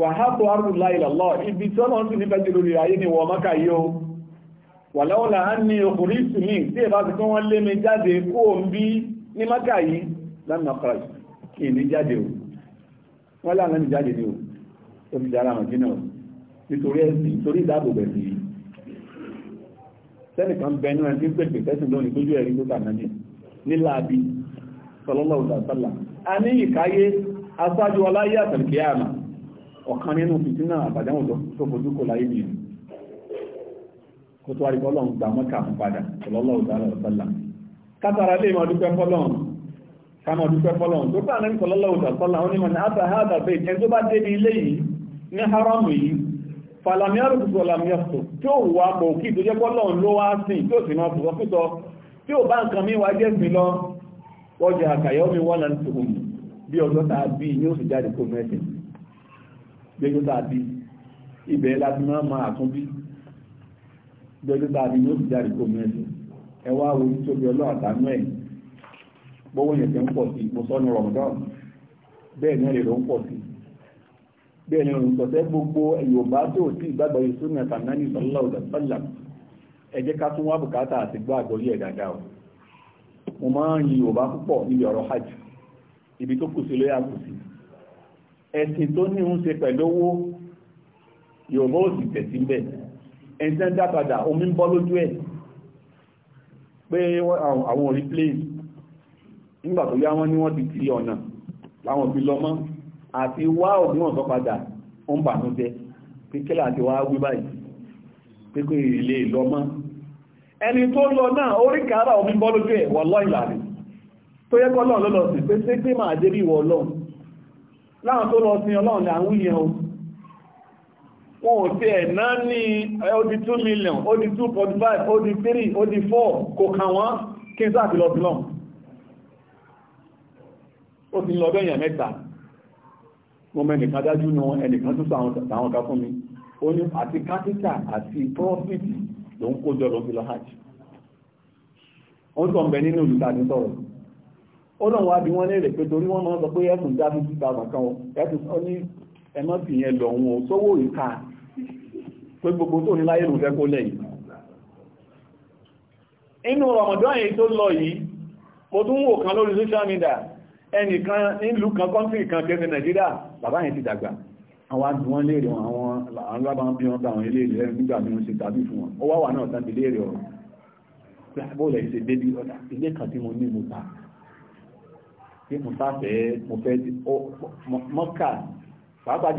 wàhábò ardillah ilallah ibi tí ọlọ́run sì nífẹ̀ẹ́ sí ni wọ mọ́kà yìí o wàlọ́wọ́lá á ní ọkùnrin ìsìnmí tí ìbá ti kí wọ́n lé mi jáde kó o yìí lánàá ọkọ̀rọ̀ kí ní jáde o wọ́n lánàá ní jáde ni o tó fi dára àwọn jìnnà nítorí ẹ̀sìn nítorí ìdáàbòbò ẹ̀sìn yìí sẹ́nìkan bẹnu ẹni tí ń pèpè tẹ́sìn lónìí lójú ẹ̀rí tó tànà ní nílà àbí sọlọ́lọ́ òdàsálà a ní ìkáyé aṣáájú ọláyé àtàlùkẹ́ àmà ọ̀kan nínú fìtínà àbàdáhùn tó fojú kò láyé nìyẹn kó tó wá rí bọ́lọ̀ gbà mọ́kà padà sọlọ́lọ́ òdàsálà kátàrà lè mọ́ dúpẹ́ fọ́lọ́run kama dúpẹ́ fọ́lọ́run tó bá nẹ́bí sọlọ́lọ́wọ́ sọ̀tọ́lá ó ní mọ̀ ní àtàhádà bẹ́ẹ̀ jẹ́ tó bá débi ilé yìí ní haramu yìí falamiyarù tó sọlamiyarù tí ó wà mọ̀ kí tó jẹ́ fọ́lọ́run ló wá sí tí ó sì máa sọ pítọ tí ó bá nǹkan míwá jẹ́ sí lọ wọ́jà àkàyọ́ mi wọ́n láti tòun bí ọjọ́ tá a bí ní ó jáde kó mẹ́sẹ̀ gbẹ́jọ́ tá bí ibẹ̀ láti máa máa àtúnbí gbẹ́jọ́ tá a bí ní ó jáde kó mẹ́sẹ̀ ẹ wá wo tí ó bí ọlọ́ àtàánú ẹ̀yìn gbówó yẹn ti ń pọ̀ sí mo sọ ní Ramadan bẹ́ẹ̀ ni èrò ń pọ̀ sí bẹ́ẹ̀ ni olùsọ̀tẹ́ gbogbo Yorùbá tó ti ìgbàgbọ́ yìí sún nàta nání sọlá ọ̀dà sọlá ẹ jẹ́ ká tún wá bùkátà àti gbọ́ àgbọ́yé ẹ̀ dáadáa o mo máa ń yin Yorùbá púpọ̀ níbi ọ̀rọ̀ hajj ibi tó kù sí lóyà kù sí ẹ̀sìn tó ní ń ṣe pẹ̀lú Yorùbá ò sì tẹ̀sí bẹ́ẹ̀ ẹ̀sìn dá padà omi ń bọ́ lójú ẹ̀ pé àwọn orí plane nígbà tó yá wọ́n ní wọ́n ti ti ọ̀nà láwọn òbí lọ́mọ́ àti wá òmíràn tó padà ó ń bà tó jẹ pé kí láti wá wí báyìí pé kò ilé lọ́mọ́ ẹni tó lọ náà orí kàárà omi bọ́ lójú ẹ̀ wọ́n lọ ìlànà tó yẹ kọ́ lọ́ọ̀ lọ́lọ́ sí pé ṣé pé máa dé bí ìwọ ọlọ́run láwọn tó lọ sin ọlọ́run ní àwọn ìyẹn o wọn ò tí ẹ̀ náà ní odi 2 million odi 2.5 odi 3 odi 4 kò kàn wọ́n ó ti lọ bẹ́yàn mẹ́ta mo mẹ́nìkan dájú nu ẹnìkan tó sàwọn kan fún mi ó ní àti kápítà àti prọ́fìtì ló ń kójọ lọ sí lọ hajj ó ń sọ mbẹ nínú olùta ní sọ̀rọ̀ ó lọ́n wá bí wọ́n lè rè pé torí wọ́n máa sọ pé ẹ̀sùn dá fifty thousand kan ẹ̀sùn sọ ní ẹ̀mọ́ sì yẹn lọ òun ò sówó ìka pé gbogbo tó ní láyé ló fẹ́ kó lẹ́yìn inú Ramadan yìí tó lọ yìí mo tún wò kan lórí social media ẹnìkan nílùú kan kọ́ntírì kan kẹsẹ̀ nàìjíríà bàbá yẹn ti dàgbà àwọn àdùnwọ́n léèrè àwọn alábàá bí wọ́n bá àwọn ilé ìlẹ́ nígbà bí wọ́n ṣe tàbí fún wọn ó wá wà náà tàbí léèrè ọ̀rọ̀ bóòlẹ̀ ṣe débí ọ̀dà ilé kan tí mo ní mo ta pé mo sáfẹ́ mo fẹ́ mọ́kà pàápàá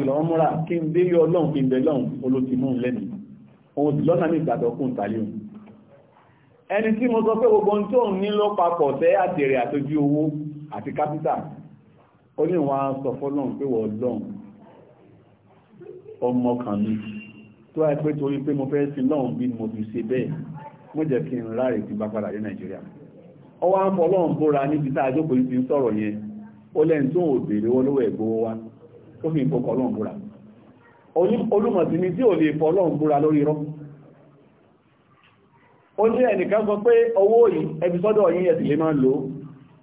ẹni tí mo sọ pé gbogbo tó ní ló papọ̀ fẹ́ àtẹ̀rẹ̀ àtọ́jú owó àti kápítà ó ní wọn á sọ fọ́lọ́n pé wọ́n lọ́n ọmọ kan mi tó wáyé pé torí pé mo fẹ́ sí lọ́n bí mo fi ṣe bẹ́ẹ̀ mo jẹ́ kí n ráre ti bá padà dé nàìjíríà ó wá ń fọ ọlọ́run bóra níbi tá a jókòó ti ń sọ̀rọ̀ yẹn ó lẹ́yìn tó ò béèrè wọn lówó ẹ̀gbọ́ wa ó fi ìfọkọ̀ ọlọ́run bóra olùmọ̀sí ni tí ò lè fọ ọlọ́run bóra lórí rọ́ ó ní ẹnìkan sọ pé owó yìí ẹbí sọ́dọ̀ yín ẹ̀sìn lè máa lò ó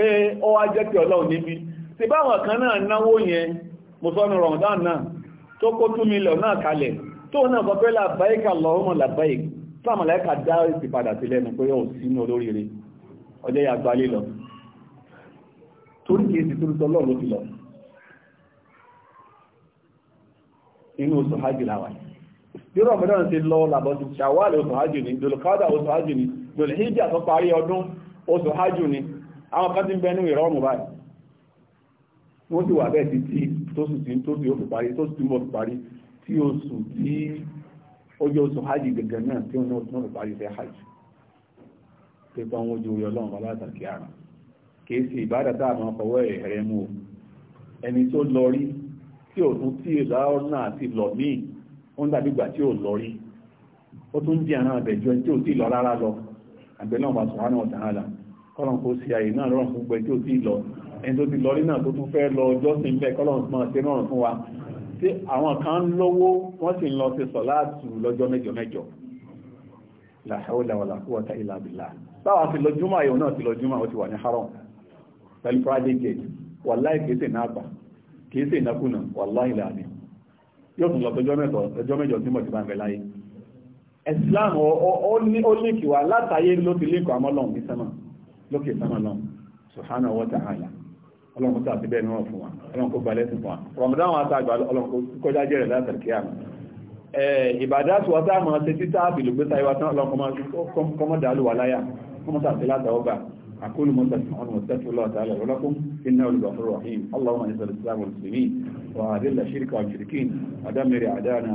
pé ó wá jẹ́ kí ọlọ́run níbi báwọn kan náà náwó yẹn mo rọ̀ǹdán náà tó kó tú mílíọ̀n náà kalẹ̀ tó náà sọ pé làbáyíkà lọ́rùn làbáyíkà sáàmà láìka dá ìsì padà sí lẹ́nu pé yóò sínú olóríire ọjọ́ ìyàgbálé lọ torí kìí sì túrú tọ́lọ́ ló fi lọ inú oṣù hajj láwà bí rọ̀mọ́dán ti lọ làbọ̀ ti ṣàwálẹ̀ oṣù hajj ni dolokada oṣù hajj ni tó parí ọdún oṣù hajj àwọn kan ti ń bẹnu ìrọ́mù báyìí wọ́n ti wà bẹ́ẹ̀ sí tí tóṣù tí tóṣù yóò fi parí tóṣù tí mo fi parí tí oṣù tí ojú oṣù hajj gẹ̀gẹ̀ náà tí wọ́n náà fi parí fẹ́ hajj pípa wọn ojú orí ọlọ́run alátàkì àrùn kìí sí ìbádà tá àwọn ọkọ̀wọ́ ẹ̀rẹ́ mú o ẹni tó lọ rí tí ò tún tí ìlàrọ̀ náà ti lọ míì ó ń dàbí ìgbà tí ò lọ rí ó tún jẹ́ àrùn àbẹ̀jọ tí ò tí lọ rárá lọ àgbẹ̀ náà bá sọ̀rọ̀ náà dáhàlà kọ́lọ̀n kó sí àyè náà lọ́rùn fún gbẹjọ́ tí lọ ẹni tó ti lọ rí náà tó tún fẹ́ lọ ọjọ́ sí ilẹ̀ kọ́lọ̀n máa ṣe náà fún wa tí àwọn kan lówó wọ́n sì ń lọ sí sọ láàtù lọ́jọ́ mẹ́jọ mẹ́jọ la hawla wala quwwata illa billah báwa ti lọ júmọ̀ àyẹ̀wò náà ti lọ júmọ̀ ó ti wà ní haram pẹ̀lú friday gate Islam ó ní kìwà látàyé ló ti lékọ̀ọ́ amọ́lọ́hùn ní sẹ́mọ̀ lókè sánà náà subhanahu wa ta'ala ọlọ́run tó àti bẹ́ẹ̀ náà fún wa ọlọ́run kó balẹ̀ sí fún wa ramadan wa sáàgbà ọlọ́run kó kọjá jẹ́rẹ̀ látàrí kí á mọ̀ ìbàdá tí wọ́n sáà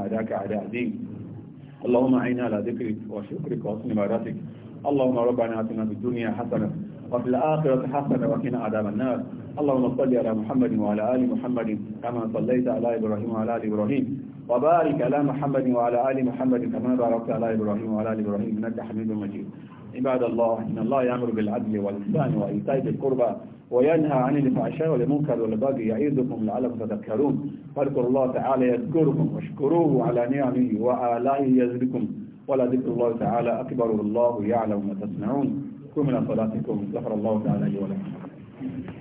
máa ṣe اللهم انصر على ذكرك وشكرك وحسن اللهم ربنا آتنا في حسنة وفي الآخرة حسنة وقنا عذاب النار اللهم صل على محمد وعلى آل محمد كما صليت على إبراهيم وعلى آل إبراهيم وبارك على محمد وعلى آل محمد كما باركت على إبراهيم وعلى آل إبراهيم إنك حميد مجيد عباد الله إن الله يأمر بالعدل والإحسان وإيتاء ذي القربى وينهى عن الفحشاء والمنكر والبغي يعظكم لعلكم تذكرون فاذكروا الله تعالى يذكركم واشكروه على نعمه وآلائه يزدكم ولذكر الله تعالى أكبر والله يعلم ما تصنعون قوموا إلى صلاتكم غفر الله تعالى لي ولكم